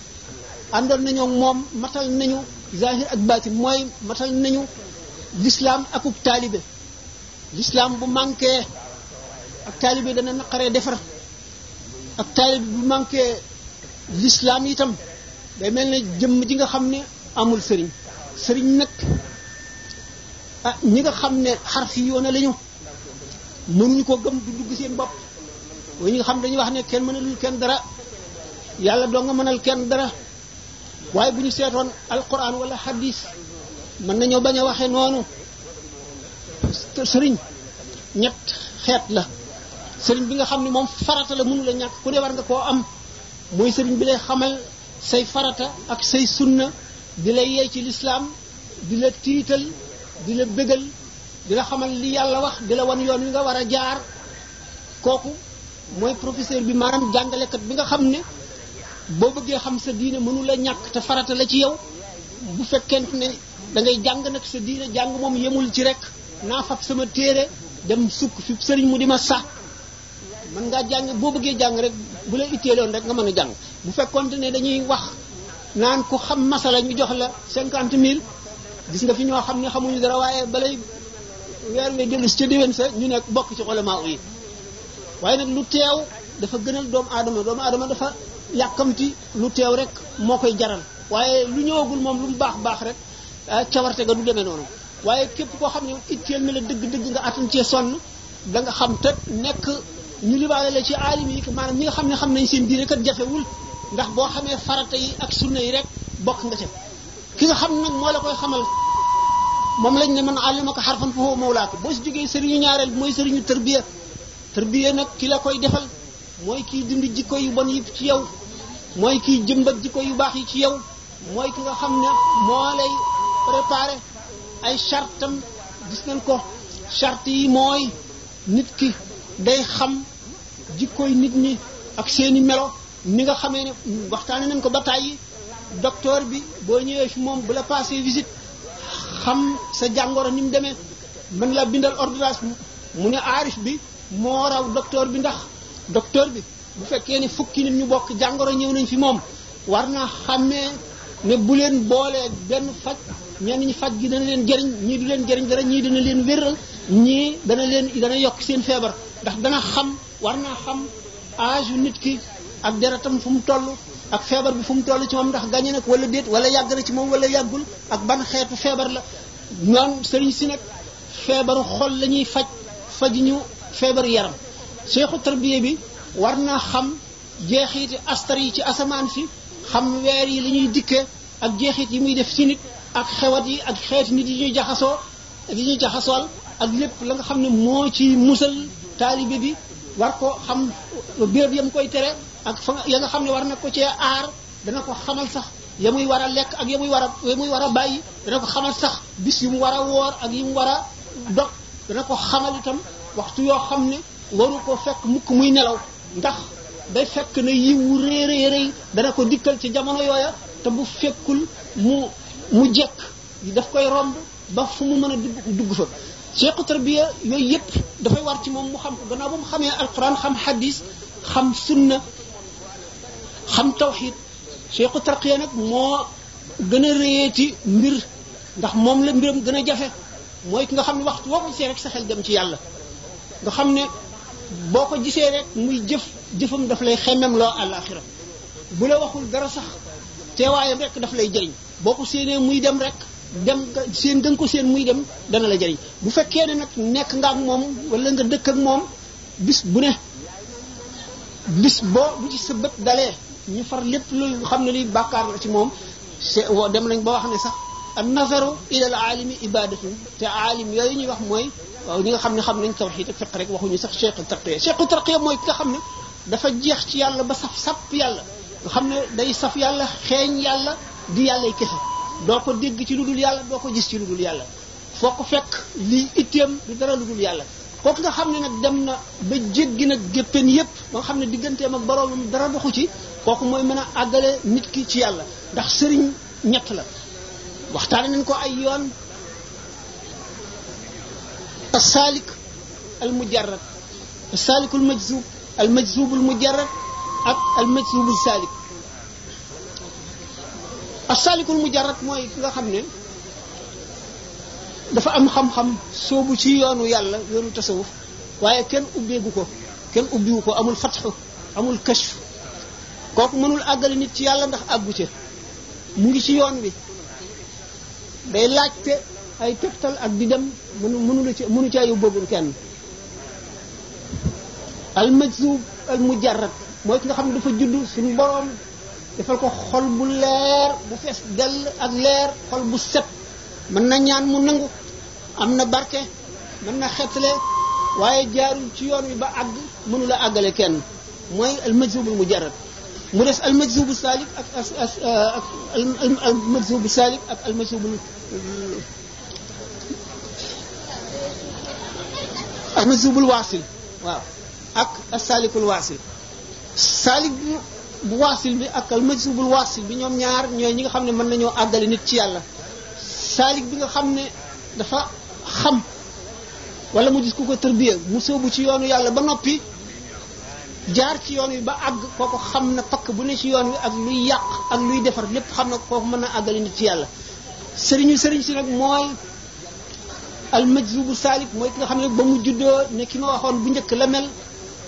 àndoon nañoo moom matal nañu zahir ak baatin mooy matal nañu lislaam akub taalibe lislaam bu manqué ak taalibe dana naqaree defar ak taalibe bu manqué lislaam itam day mel na jëmm ji nga xam ne amul sëriñ sëriñ nag ah ñi nga xam ne xarf yi yoone lañu mënuñu ko gëm du dugg seen bopp waaye ñu nga xam dañuy wax ne kenn mënalul kenn dara yàlla doo nga mënal kenn dara waaye bu ñu seetoon alquran wala hadis mën nañoo bañ a waxee noonu sëriñ ñett xeet la sëriñ bi nga xam ne moom farata la mënu ñàkk ku ne war nga koo am mooy sëriñ bi lay xamal say farata ak say sunna di la yee ci lislaam di la tiital di la bégal di la xamal li yàlla wax di la wan yoon wi nga war a jaar kooku mooy professeur bi maanaam jàngalekat bi nga xam ne boo bëggee xam sa diine mënu la ñàkk te farata la ci yow bu fekkent ne dangay jàng nag sa diine jàng moom yemul ci rek naa fab sama téere dem sukk fi sëriñ mu di ma sax mën ngaa jàng boo bëggee jàng rek bu la itteeloon rek nga mën a jàng bu fekkonte ne dañuy wax naan ko xam masala ñu jox la cinquante mille gis nga fi ñoo xam ne xamuñu dara waaye balay weer we dellu si ca déwén sa ñu nekk bokk ci ulamaa yi waaye nag lu teew dafa gënal doomu aadama doomu adama dafa yàkkamti lu teew rek moo koy jaral waaye lu ñëwagul moom lu mu baax baax rek ah, cawarte ga du demee noonu waaye képp koo xam ne itteel na la dëgg-dëgg nga attan cee sonn da nga xam te nekk ñu libaale la ci aalim yi maanaam ñi nga xam ne xam nañ seen diine kat ndax boo xamee farata yi ak sunna yi rek bokk nga ca ki nga xam nag moo la koy xamal moom lañ ne man àllima ko xarfan foofu mawlaaka boo si jógee sëriñu ñaareel mooy sëriñu tërbiya tërbiya nag ki la koy defal mooy kii dindi jikko yu bon yi ci yow mooy kii jëmbat jikko yu baax yi ci yow mooy ki nga xam ne moo lay préparé ay chartam gis nañ ko charte yi mooy nit ki day xam jikkoy nit ñi ak seeni melo ni nga xamee ne waxtaane nañ ko ba tàyyi docteur bi boo ñëwee fi moom bu la passé visite xam sa jàngoro ni mu demee mën la bindal ordonnance mu ne aarif bi moo raw docteur bi ndax docteur bi bu fekkee ne fukki nit ñu bokk jàngoro ñëw nañ fi moom war naa xàmmee ne bu leen boolee benn faj ñenn ñi faj gi dana leen jëriñ ñii du leen jëriñ dara ñii dana leen wéral ñii dana leen dana yokk seen feebar ndax dana xam war naa xam âge nit ki ak deretam fu mu toll ak feebar bi fu mu toll ci moom ndax gàññe nag wala déet wala yàgg na ci moom wala yàggul ak ban xeetu feebar la ñoom sëriñ si nag feebaru xol lañuy faj faj yu fajuñu feebaru yaram seexu tarbiya bi war naa xam jeexiit astar yi ci asamaan si xam weer yi li ñuy ak jeexiit yi muy def ci nit ak xewat yi ak xeeti nit yi ñuy jaxasoo yi ñuy jaxasool ak lépp la nga xam ne moo ci musal taalibe bi war ko xam béréb yam koy tere ak fa ya nga xam ne war na ko cee aar dana ko xamal sax ya muy war a lekk ak ya war a ya muy a bàyyi dana ko xamal sax bis yu mu war a woor ak yi mu war a dox dana ko xamal itam waxtu yoo xam ne waru ko fekk mukk muy nelaw ndax day fekk na yiwu wu réy réy dana ko dikkal ci jamono yooya te bu fekkul mu mu jekk daf koy romb ba fu mu mën a dugg fa cheikhu tarbiya yooyu yépp dafay war ci moom mu xam ko gannaaw ba mu xamee alquran xam hadis xam sunna xam tawxid cheikhu tarqiya nag moo gën a réyee ci mbir ndax moom la mbiram gën a jafe mooy ki nga xam ne waxtu woo ko gisee rek sa xel dem ci yàlla nga xam ne boo ko jisee rek muy jëf jëfam daf lay xemmem loo àllaaxira bu la waxul dara sax teewaayam rek daf lay jëriñ boo ko séenee muy dem rek dem seen danga ko seen muy dem dana la jariñ bu fekkee ne nag nekk nga ak moom wala nga dëkk ak moom bis bu ne bis boo bu ci sa bët dalee ñu far lépp lu xam ne luy bàkkaar la ci moom se woo dem nañ ba wax ne sax an nazaru ila al alimi ibadatun te alim yooyu ñuy wax mooy waaw ñi nga xam ne xam nañ tawxiid ak fiq rek waxuñu sax cheikhu tarqiya cheikhu tarqiya mooy ki nga xam ne dafa jeex ci yàlla ba saf sap yàlla nga xam ne day saf yàlla xeeñ yàlla di yàllay kese doo ko dégg ci lu dul yàlla doo ko gis ci lu dul yàlla foo ko fekk lii itteem du dara lu dul yàlla kooku nga xam ne nag dem na ba jéggi nag géppeen yépp ba nga xam ne digganteem ak boroomam dara doxu ci kooku mooy mën a àggale nit ki ci yàlla ndax sëriñ ñett la waxtaane nañ ko ay yoon salik al mujarrad assaalikul majzub al majzubul mujarrad ak al majzubul saalik assaalikul mujarrad mooy ki nga xam ne dafa am xam-xam soobu ci yoonu yàlla yoonu tasawuf waaye kenn ubbeegu ko kenn ubbiwu ko amul fatxu amul kashf kooku mënul àggale nit ci yàlla ndax àggu ci mu ngi ci yoon bi day laajte ay tegtal ak di dem mënu mënula ci mënu caa yóbboogul kenn al majzub al mujarrad mooy ki nga xam ne dafa judd suñu boroom defal ko xol bu leer bu fees dell ak leer xol bu set mën na ñaan mu nangu am na barke mën na xettale waaye jaarul ci yoon wi ba àgg mënula àggale kenn mooy almajzubul mujarrad mu des almajzubu saalik ak euh, ak ak almajzubu saalik ak almajzubul almajzubul waasil waaw ak asaalikul waasil saalik bu waasil bi ak almajzubul waasil bi ñoom ñaar ñooy ñi nga xam ne mën nañoo àggale nit ci yàlla saalik bi nga xam ne dafa xam wala mu gis ku ko tërbiya mu sóobu ci yoonu yàlla ba noppi jaar ci yoon wi ba àgg kooku xam na pakk bu ne ci yoon wi ak luy yàq ak luy defar lépp xam na ko mën na àggale nit ci yàlla sëriñu sëriñ si nag mooy almajzubu saalik mooy ki nga xam ne ba mu juddoo ne ki ma waxoon bu njëkk la mel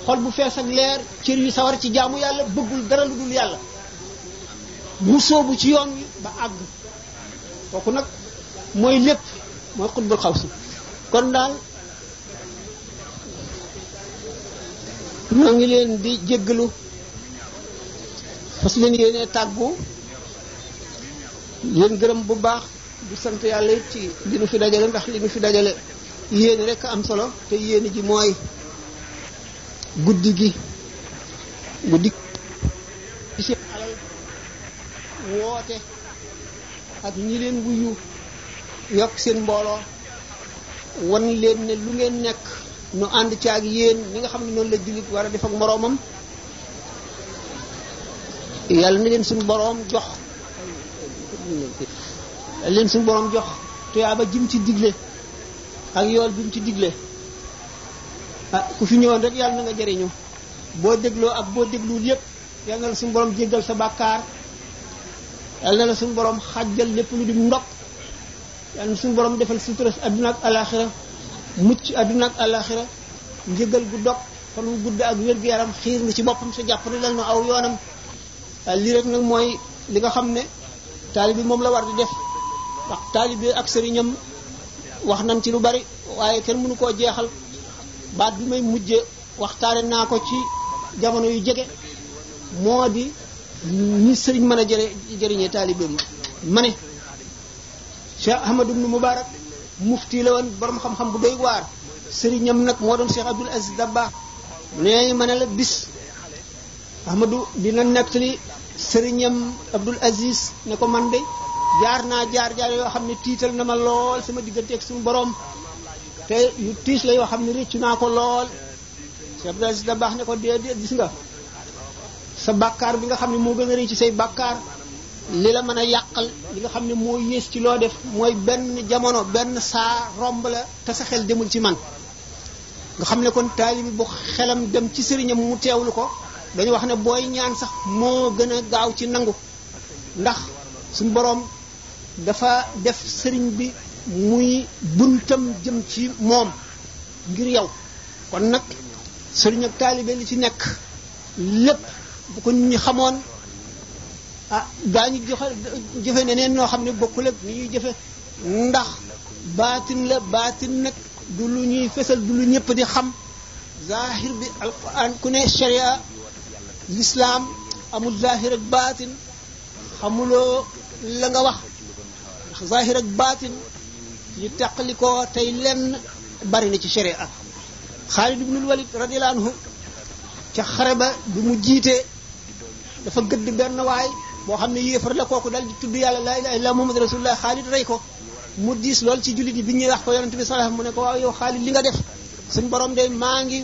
xol bu fees ak leer cër yu sawar ci jaamu yàlla bëggul dara lu dul yàlla mu ci yoon wi ba àgg kooku nag mooy lépp mooy xutbul xaw si kon daal ñoo ngi leen di jéggalu fas leen yéene tàggu leen gërëm bu baax di sant yàlla it ci li nu fi dajale ndax li nu fi dajale yéene rek am solo te yéene ji mooy guddi gi guddi ci seen alal woote ak ñi leen wuyu yokk seen mbooloo wan leen ne lu ngeen nekk nu ànd ci ak yéen ñi nga xam ne noonu la jullit war a def ak moroomam yàlla na leen suñu boroom jox leen suñu boroom jox tuyaaba jim ci digle ak yool bi ci digle ah ku fi ñëwoon rek yàlla na nga jëriñu boo dégloo ak boo dégluwul yépp yàlla na la suñu boroom jéggal sa bàkkaar yàlla na la suñu boroom xajjal lépp lu di ndokk yàlla na suñu borom defal sutura adduna ak alaxira mucc adduna ak alaxira njëgal gu dog fan mu gudd ak wér gu yaram xiir nga ci boppam sa jàpp dal na aw yoonam lii rek nag mooy li nga xam ne taali bi moom la war di def ndax taali bi ak sëriñam wax nañ ci lu bari waaye kenn mënu koo jeexal baat bi may mujje waxtaane naa ko ci jamono yu jege moo di ñi sëriñ mën a jëre jëriñee taalibeem ma ne Cheikh Ahmad ibnu Mubarak mufti la woon borom xam-xam bu doy waar sëriñam nag moo doon Cheikh Abdul Aziz Dabba nee ma ne la bis Ahmadou dina nekk li sëriñam Abdul Aziz ne ko man de jaar naa jaar-jaar yoo xam ne tiital na ma lool sama digganteeg suñu borom te yu tiis la yoo xam ne réccu naa ko lool Cheikh Abdul Aziz Dabba ne ko déedéet gis nga sa bàkkaar bi nga xam ne moo gën a rëy ci say bàkkaar li la mën a yàqal li nga xam ne moo yées ci loo def mooy benn jamono benn saa romb la te sa xel demul ci man nga xam ne kon taalibi bu xelam dem ci sëriñam mu teewlu ko dañu wax ne booy ñaan sax moo gën a gaaw ci nangu ndax suñ boroom dafa def sëriñ bi muy buntam jëm ci moom ngir yow kon nag sëriñ ak taalibe li ci nekk lépp bu ko nit ñi xamoon ah gaañu joxe jëfe neneen noo xam ne bokkul ak ni ñuy jëfe ndax baatin la baatin nag du lu ñuy fesal du lu ñëpp di xam zahir bi alquran ku ne sharia lislaam amul zahir ak baatin xamuloo la nga wax ndax zahir ak baatin ñu tàqalikoo tey lenn bari ci sharia xaalid ibnul walid radiyallahu anhu ca xare ba bi mu jiite dafa gëdd benn waay boo xam ne yéefar la kooku daal di tudd yàlla laa ilaha illa muhammad rasulullah xaalid rey ko mu diis lool ci jullit yi bi ñuy wax ko yonente bi sallallahu alayhi mu ne ko waaw yow xaalid li nga def suñ borom de maa ngi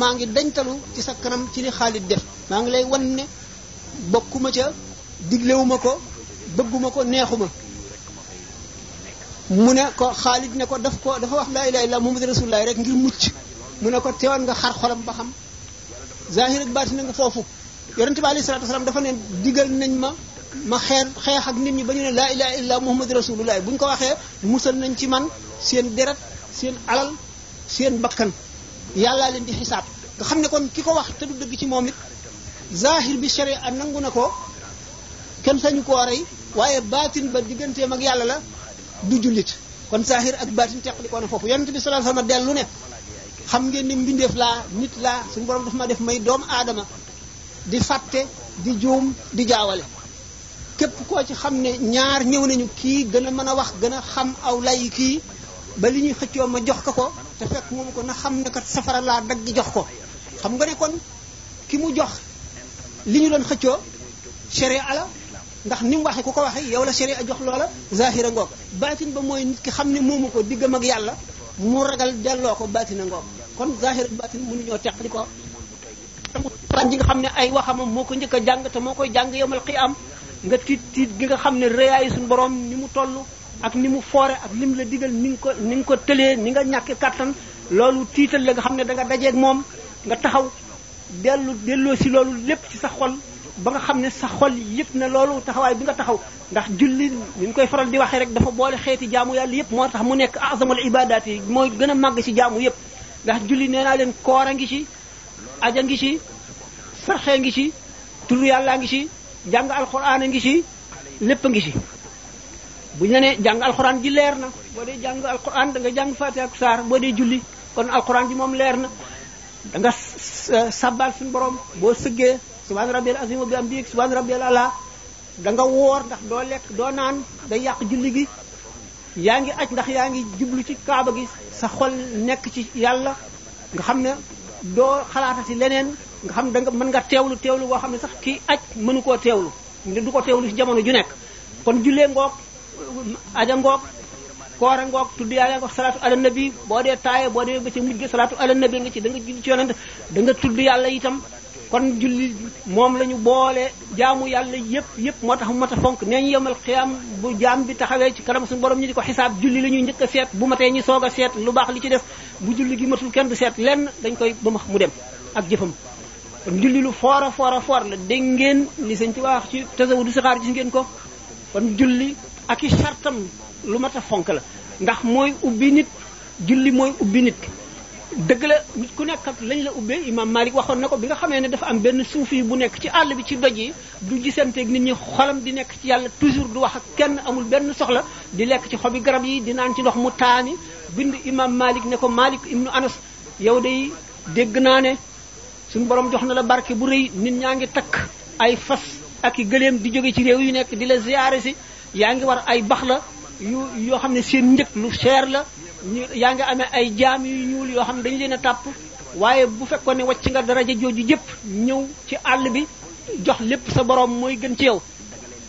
maa ngi dañtalu ci sa kanam ci li xaalid def maa ngi lay wan ne bokkuma ca diglewuma ko bëgguma ko neexuma mu ne ko xaalid ne ko daf ko dafa wax laa ilaha illa muhammad rasulullah rek ngir mucc mu ne ko teewoon nga xar xolam ba xam zahir ak baatin nga foofu yonente bi alayhi salatu wasalaam dafa ne digal nañ ma ma xeer xeex ak nit ñi ba ñu ne laa ilaha illa muhammadu rasulullah bu ñu ko waxee musal nañ ci man seen deret seen alal seen bakkan yàllaa leen di xisaab nga xam ne kon ki ko wax te du dëgg ci moom it zahir bi sharia nangu na ko kenn sañu koo rey waaye baatin ba digganteem ak yàlla la du jullit kon zahir ak baatin teqalikoo na foofu yonente bi sallallahu alayhi wasallam dellu ne xam ngeen ni mbindeef laa nit laa suñu borom ma def may doomu aadama di fàtte di juum di jaawale képp ko ci xam ne ñaar ñëw nañu kii gën a mën a wax gën a xam aw lay kii ba li ñuy xëccoo ma jox ka ko te fekk moom ko na xam ne kat safara laa dagg jox ko xam nga ne kon ki mu jox li ñu doon xëccoo sharia la ndax ni mu waxee ku ko waxee yow la a jox loola zahira ngoog baatin ba mooy nit ki xam ne moomu ko diggam ak yàlla mu ragal delloo ko baatina ngoog kon zahira baatin mënuñoo teqli ko alxuraan ji nga xam ne ay waxamam moo ko njëkk a jàng te moo koy jàng yomal am nga tiit tiit gi nga xam ne rëyaayu suñu borom ni mu toll ak ni mu foore ak lim la diggal ni nga ko ni nga ko tëlee ni nga ñàkk kattan loolu tiital la nga xam ne da nga dajeeg moom nga taxaw dellu delloo si loolu lépp ci sa xol ba nga xam ne sa xol yëpp na loolu taxawaay bi nga taxaw ndax julli ni nu koy faral di waxee rek dafa boole xeeti jaamu yàlla yëpp moo tax mu nekk azamul ibadaat yi mooy gën a màgg ci jaamu yëpp ndax julli nee naa leen koor a ngi ci aja ngi ci sarxee ngi ci tudd yàllaa ngi ci jàng alxuraan a ngi ci lépp ngi ci bu ñu la nee jàng alxuraan ji leer na boo dee jàng alxuraan da nga jàng Faatiha ak saar boo dee julli kon alxuraan ji moom leer na da nga sabbal suñu borom boo sëggee subhaana rabbiyal azim bi am biig subhaana rabbiyal ala da woor ndax doo lekk doo naan day yàq julli gi yaa ngi aj ndax yaa ngi jublu ci kaaba gi sa xol nekk ci yàlla nga xam ne doo xalaatati leneen nga xam danga nga mën nga teewlu teewlu boo xam ne sax kii aj mënu koo teewlu du ko teewlu ci jamono ju nekk kon jullee ngoog aja ngoog koora ngoog tudd yàlla ngoog salaatu ala bi boo dee taaye boo dee ba ca mujj salaatu ala nabi nga ci da nga julli ci yonent da nga tudd yàlla itam kon julli moom la ñu boole jaamu yàlla yépp yépp moo tax mu mat a fonk nee ñu yemal xiyam bu jaam bi taxawee ci kanam suñu borom ñu di ko xisaab julli la ñuy njëkk seet bu matee ñu soog a seet lu baax li ci def bu julli gi matul kenn bu seet lenn dañ koy ba mu dem ak jëfam kon julli lu foor a foor a foor la dégg ngeen li sëñ ci wax ci xaar sixaar gis ngeen ko kon julli ak i sartam lu mat a fonk la ndax mooy ubbi nit julli mooy ubbi nit dëgg la nit ku nekk lañ la ubbee imam Malik waxoon na ko bi nga xamee ne dafa am benn suufi bu nekk ci àll bi ci doj yi du gisanteeg nit ñi xolam di nekk ci yàlla toujours du wax ak kenn amul benn soxla di lekk ci xobi garab yi di naan ci ndox mu taani bind imam Malik ne ko Malik nu Anas yow day dégg naa ne suñ borom jox na la barke bu rëy nit ñaa ngi takk ay fas ak i gëléem di jóge ci réew yu nekk di la ziyaare si yaa ngi war ay bax la yu yoo xam ne seen njëg lu cher la yaa ngi amee ay jaam yu ñuul yoo xam ne dañu leen a tàpp waaye bu fekkoon ne wàcc nga daraja jooju yëpp ñëw ci àll bi jox lépp sa boroom mooy gën ci yow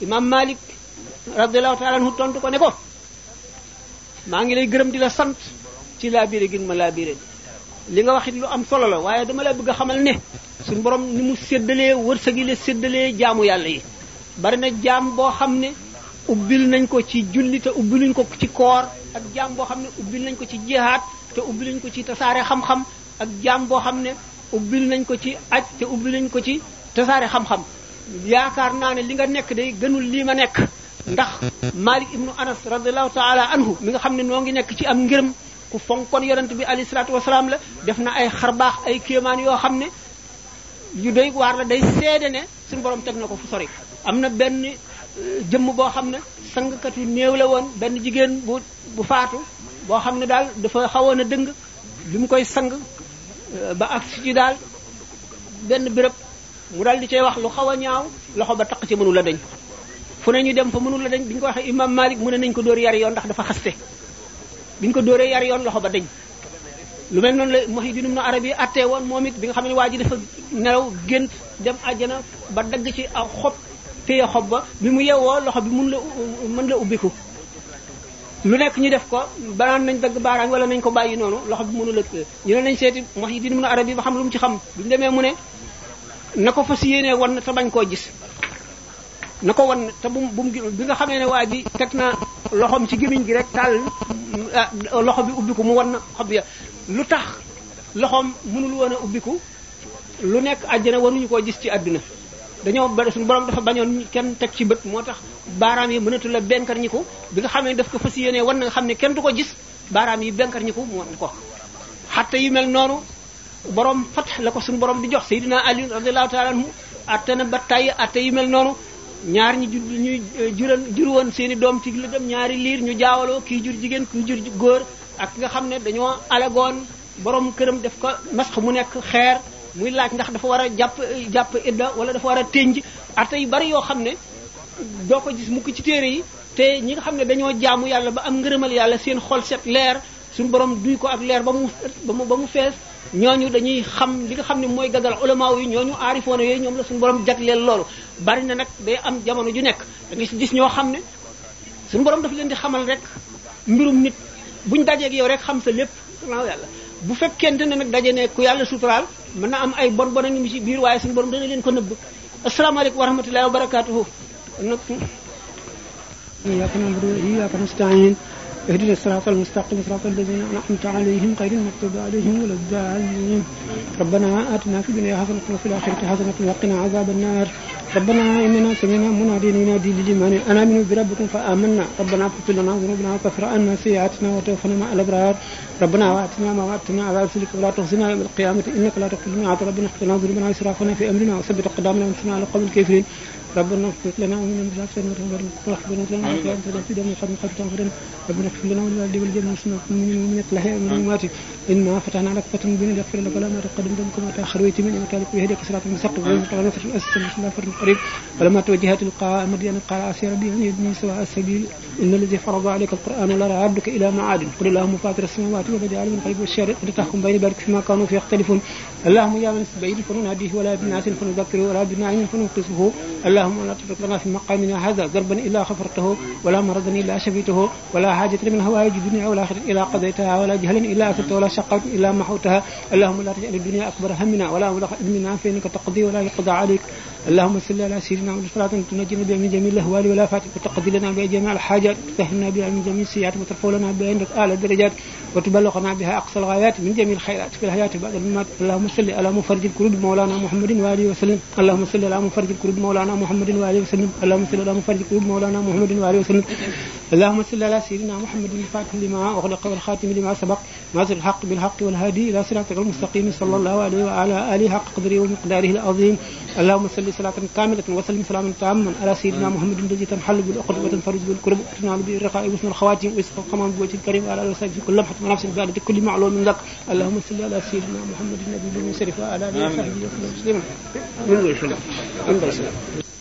imam malik radiyallahu taala anhu tontu ko ne ko maa ngi lay gërëm di la sant ci laabire gin ma laa laabire li nga wax it lu am solo la waaye dama la bëgg xamal ne suñu borom ni mu seddalee wër sa la séddalee jaamu yàlla yi bari na jaam boo xam ne ubbil nañ ko ci julli te ubbiluñ ko ci koor ak jaam boo xam ne ubbil nañ ko ci jihaad te ubbiluñ ko ci tasaare xam ak jaam boo xam ne ubbil nañ ko ci aj te ubbi nañ ko ci tasaare xam-xam yaakaar naa ne li nga nekk day gënul lii ma nekk ndax Malik ibnu Anas radiallahu taala anhu mi nga xam ne noo ngi nekk ci am ngërëm ku fonkon yonent bi alayhi salaatu wasalaam la def na ay xarbaax ay kéemaan yoo xam ne yu doy waar la day seede ne suñu borom teg na ko fu sori am na benn jëmm boo xam ne sangkat yu néew la woon benn jigéen bu bu faatu boo xam ne daal dafa xawoon a dëng li mu koy sang euh, ba ak ci daal benn béréb mu daal di cee wax lu xaw a ñaaw loxo ba taq ci mënu la dañ fu ne ñu dem fa mënu la dañ bi ñu ko waxee imam Malik mu ne nañ ko dóor yari yoon ndax dafa xaste bi ñu ko dóoree yari yoon loxo ba dañ lu mel noonu la Muhyiddin Ibn Arabi attee woon moom it bi nga xam ne waa ji dafa nelaw gént dem àjjana ba dagg ci aw xob téye xob ba bi mu yewwoo loxo bi mun la mën la ubbiku lu nekk ñu def ko banaan nañ dagg baaraam wala nañ ko bàyyi noonu loxo bi mënu la ñu ne nañ seeti Muhyiddin Ibn Arabi ba xam lu mu ci xam bu ñu demee mu ne na ko fas yéenee wan te bañ koo gis na ko wan te bu bu mu bi nga xamee ne waa ji teg na loxoom ci gémmiñ gi rek taal ah, bi ubbiku mu wan na xob ya lu tax loxoom mënul woon a ubbiku lu nekk àjjana waruñu ko gis ci àddina dañoo ba suñu borom dafa bañoon kenn teg ci bët moo tax baaraam yi mënatu la benkar ñi ko bi nga xam ne daf ko fas yenee wan na nga xam ne kenn du ko gis baaraam yi benkar ñi ko mu wan ko xatta yi mel noonu borom fat la ko suñu borom di jox Seydina Ali radiyallahu ta'ala anhu atte na ba tàyyi atte yu mel noonu ñaar ñi ju ñu eh, jural jur seen i doom ci la dem ñaari liir ñu jaawaloo kii jur jigéen kii jur góor ak nga xam ne dañoo alagoon boroom këram def ko masx mu nekk xeer muy laaj ndax dafa war a jàpp jàpp idda wala dafa war a tënj arta yu bari yoo xam ne doo ko gis mukk ci téere yi te ñi nga xam ne dañoo jaamu yàlla ba am ngërëmal yàlla seen xol set leer suñu borom duy ko ak leer ba mu ba mu fees ñooñu dañuy xam li nga xam ne mooy gagal ulama yi ñu aarifoona yooyu ñoom la suñu borom jag leen loolu bari na nag day am jamono ju nekk da nga si gis ñoo xam ne suñu borom daf leen di xamal rek mbirum nit buñ dajeeg yow rek xam sa lépp gannaaw bu fekkente na nag daje ne ku yàlla suturaal mën na am ay bon bon a ngi ci biir waaye suñu borom dañu leen ko nëbb asalaamaaleykum wa rahmatullahi wa barakaatuhu nag iyyaka na'budu wa iyyaka nasta'in اهدنا الصراط المستقيم صراط الذين انعمت عليهم غير المغضوب عليهم ولا الضالين ربنا اتنا في الدنيا حسنه وفي الاخره حسنه وقنا عذاب النار ربنا اننا سمعنا مناديا ينادي للايمان انا من بربكم فامنا ربنا اغفر لنا ذنوبنا وكفر عنا سيئاتنا وتوفنا مع الابرار ربنا واتنا ما وعدتنا على رسلك ولا تخزنا يوم القيامه انك لا تخلف الميعاد ربنا اغفر لنا ذنوبنا واسرافنا في امرنا وثبت اقدامنا وانصرنا على القوم الكافرين ربنا اغفر لنا ومن بالعافية وتولنا ربنا اغفر لنا ومن بالعافية ربنا اغفر لنا ولوالدي والجميع من المؤمنين الأحياء من الأموات إنا فتحنا لك فتحا مبينا ليغفر لك ما تقدم ذنبك وما تأخر ويتم نعمتك ويهديك صراطا مستقيما ويهديك صراطا مستقيما قريب ولما توجه تلقاء مدين قال عسى ربي أن يهدني سواء السبيل إن الذي فرض عليك القرآن لرعدك إلى معاد قل اللهم فاطر السماوات والأرض عالم الغيب والشهادة أنت تحكم بين ذلك فيما كانوا فيه يختلفون اللهم يا من السبيل فنناديه ولا بناس فنذكره ولا بناء فنوقظه اللهم لا تترك لنا في مقامنا هذا ذنبا الا غفرته ولا مرضا الا شفيته ولا حاجة من هوائج الدنيا ولا خير الا قضيتها ولا جهل الا اثرته ولا شقة الا محوتها اللهم لا تجعل الدنيا اكبر همنا ولا مبلغ علمنا فانك تقضي ولا يقضى عليك اللهم صل على سيدنا محمد صلاة تنجينا بها من جميع الأهوال والآفات وتقضي لنا بها جميع الحاجات وتفهمنا بها من جميع السيئات وترفع لنا بها عندك أعلى الدرجات وتبلغنا بها أقصى الغايات من جميع الخيرات في الحياة بعد الممات اللهم صل على مفرج الكروب مولانا محمد وآله وسلم اللهم صل على مفرج الكروب مولانا محمد وآله وسلم اللهم صل على مفرج الكروب مولانا محمد وآله وسلم اللهم صل على سيدنا محمد الفاتح لما أغلق والخاتم لما سبق ناصر الحق بالحق والهادي إلى صراطك المستقيم صلى الله عليه وعلى آله حق قدره ومقداره العظيم اللهم صل صلاة كاملة وسلم سلاما تاما على سيدنا محمد الذي تنحل بالعقد وتنفرج بالكرب وتنال به الرخاء وحسن الخواتم ويسقى القمم بوجه الكريم وعلى آله وصحبه كل لمحة ونفس بعد كل معلوم لك اللهم صل على سيدنا محمد النبي المنصرف وعلى آله وصحبه وسلم تسليما.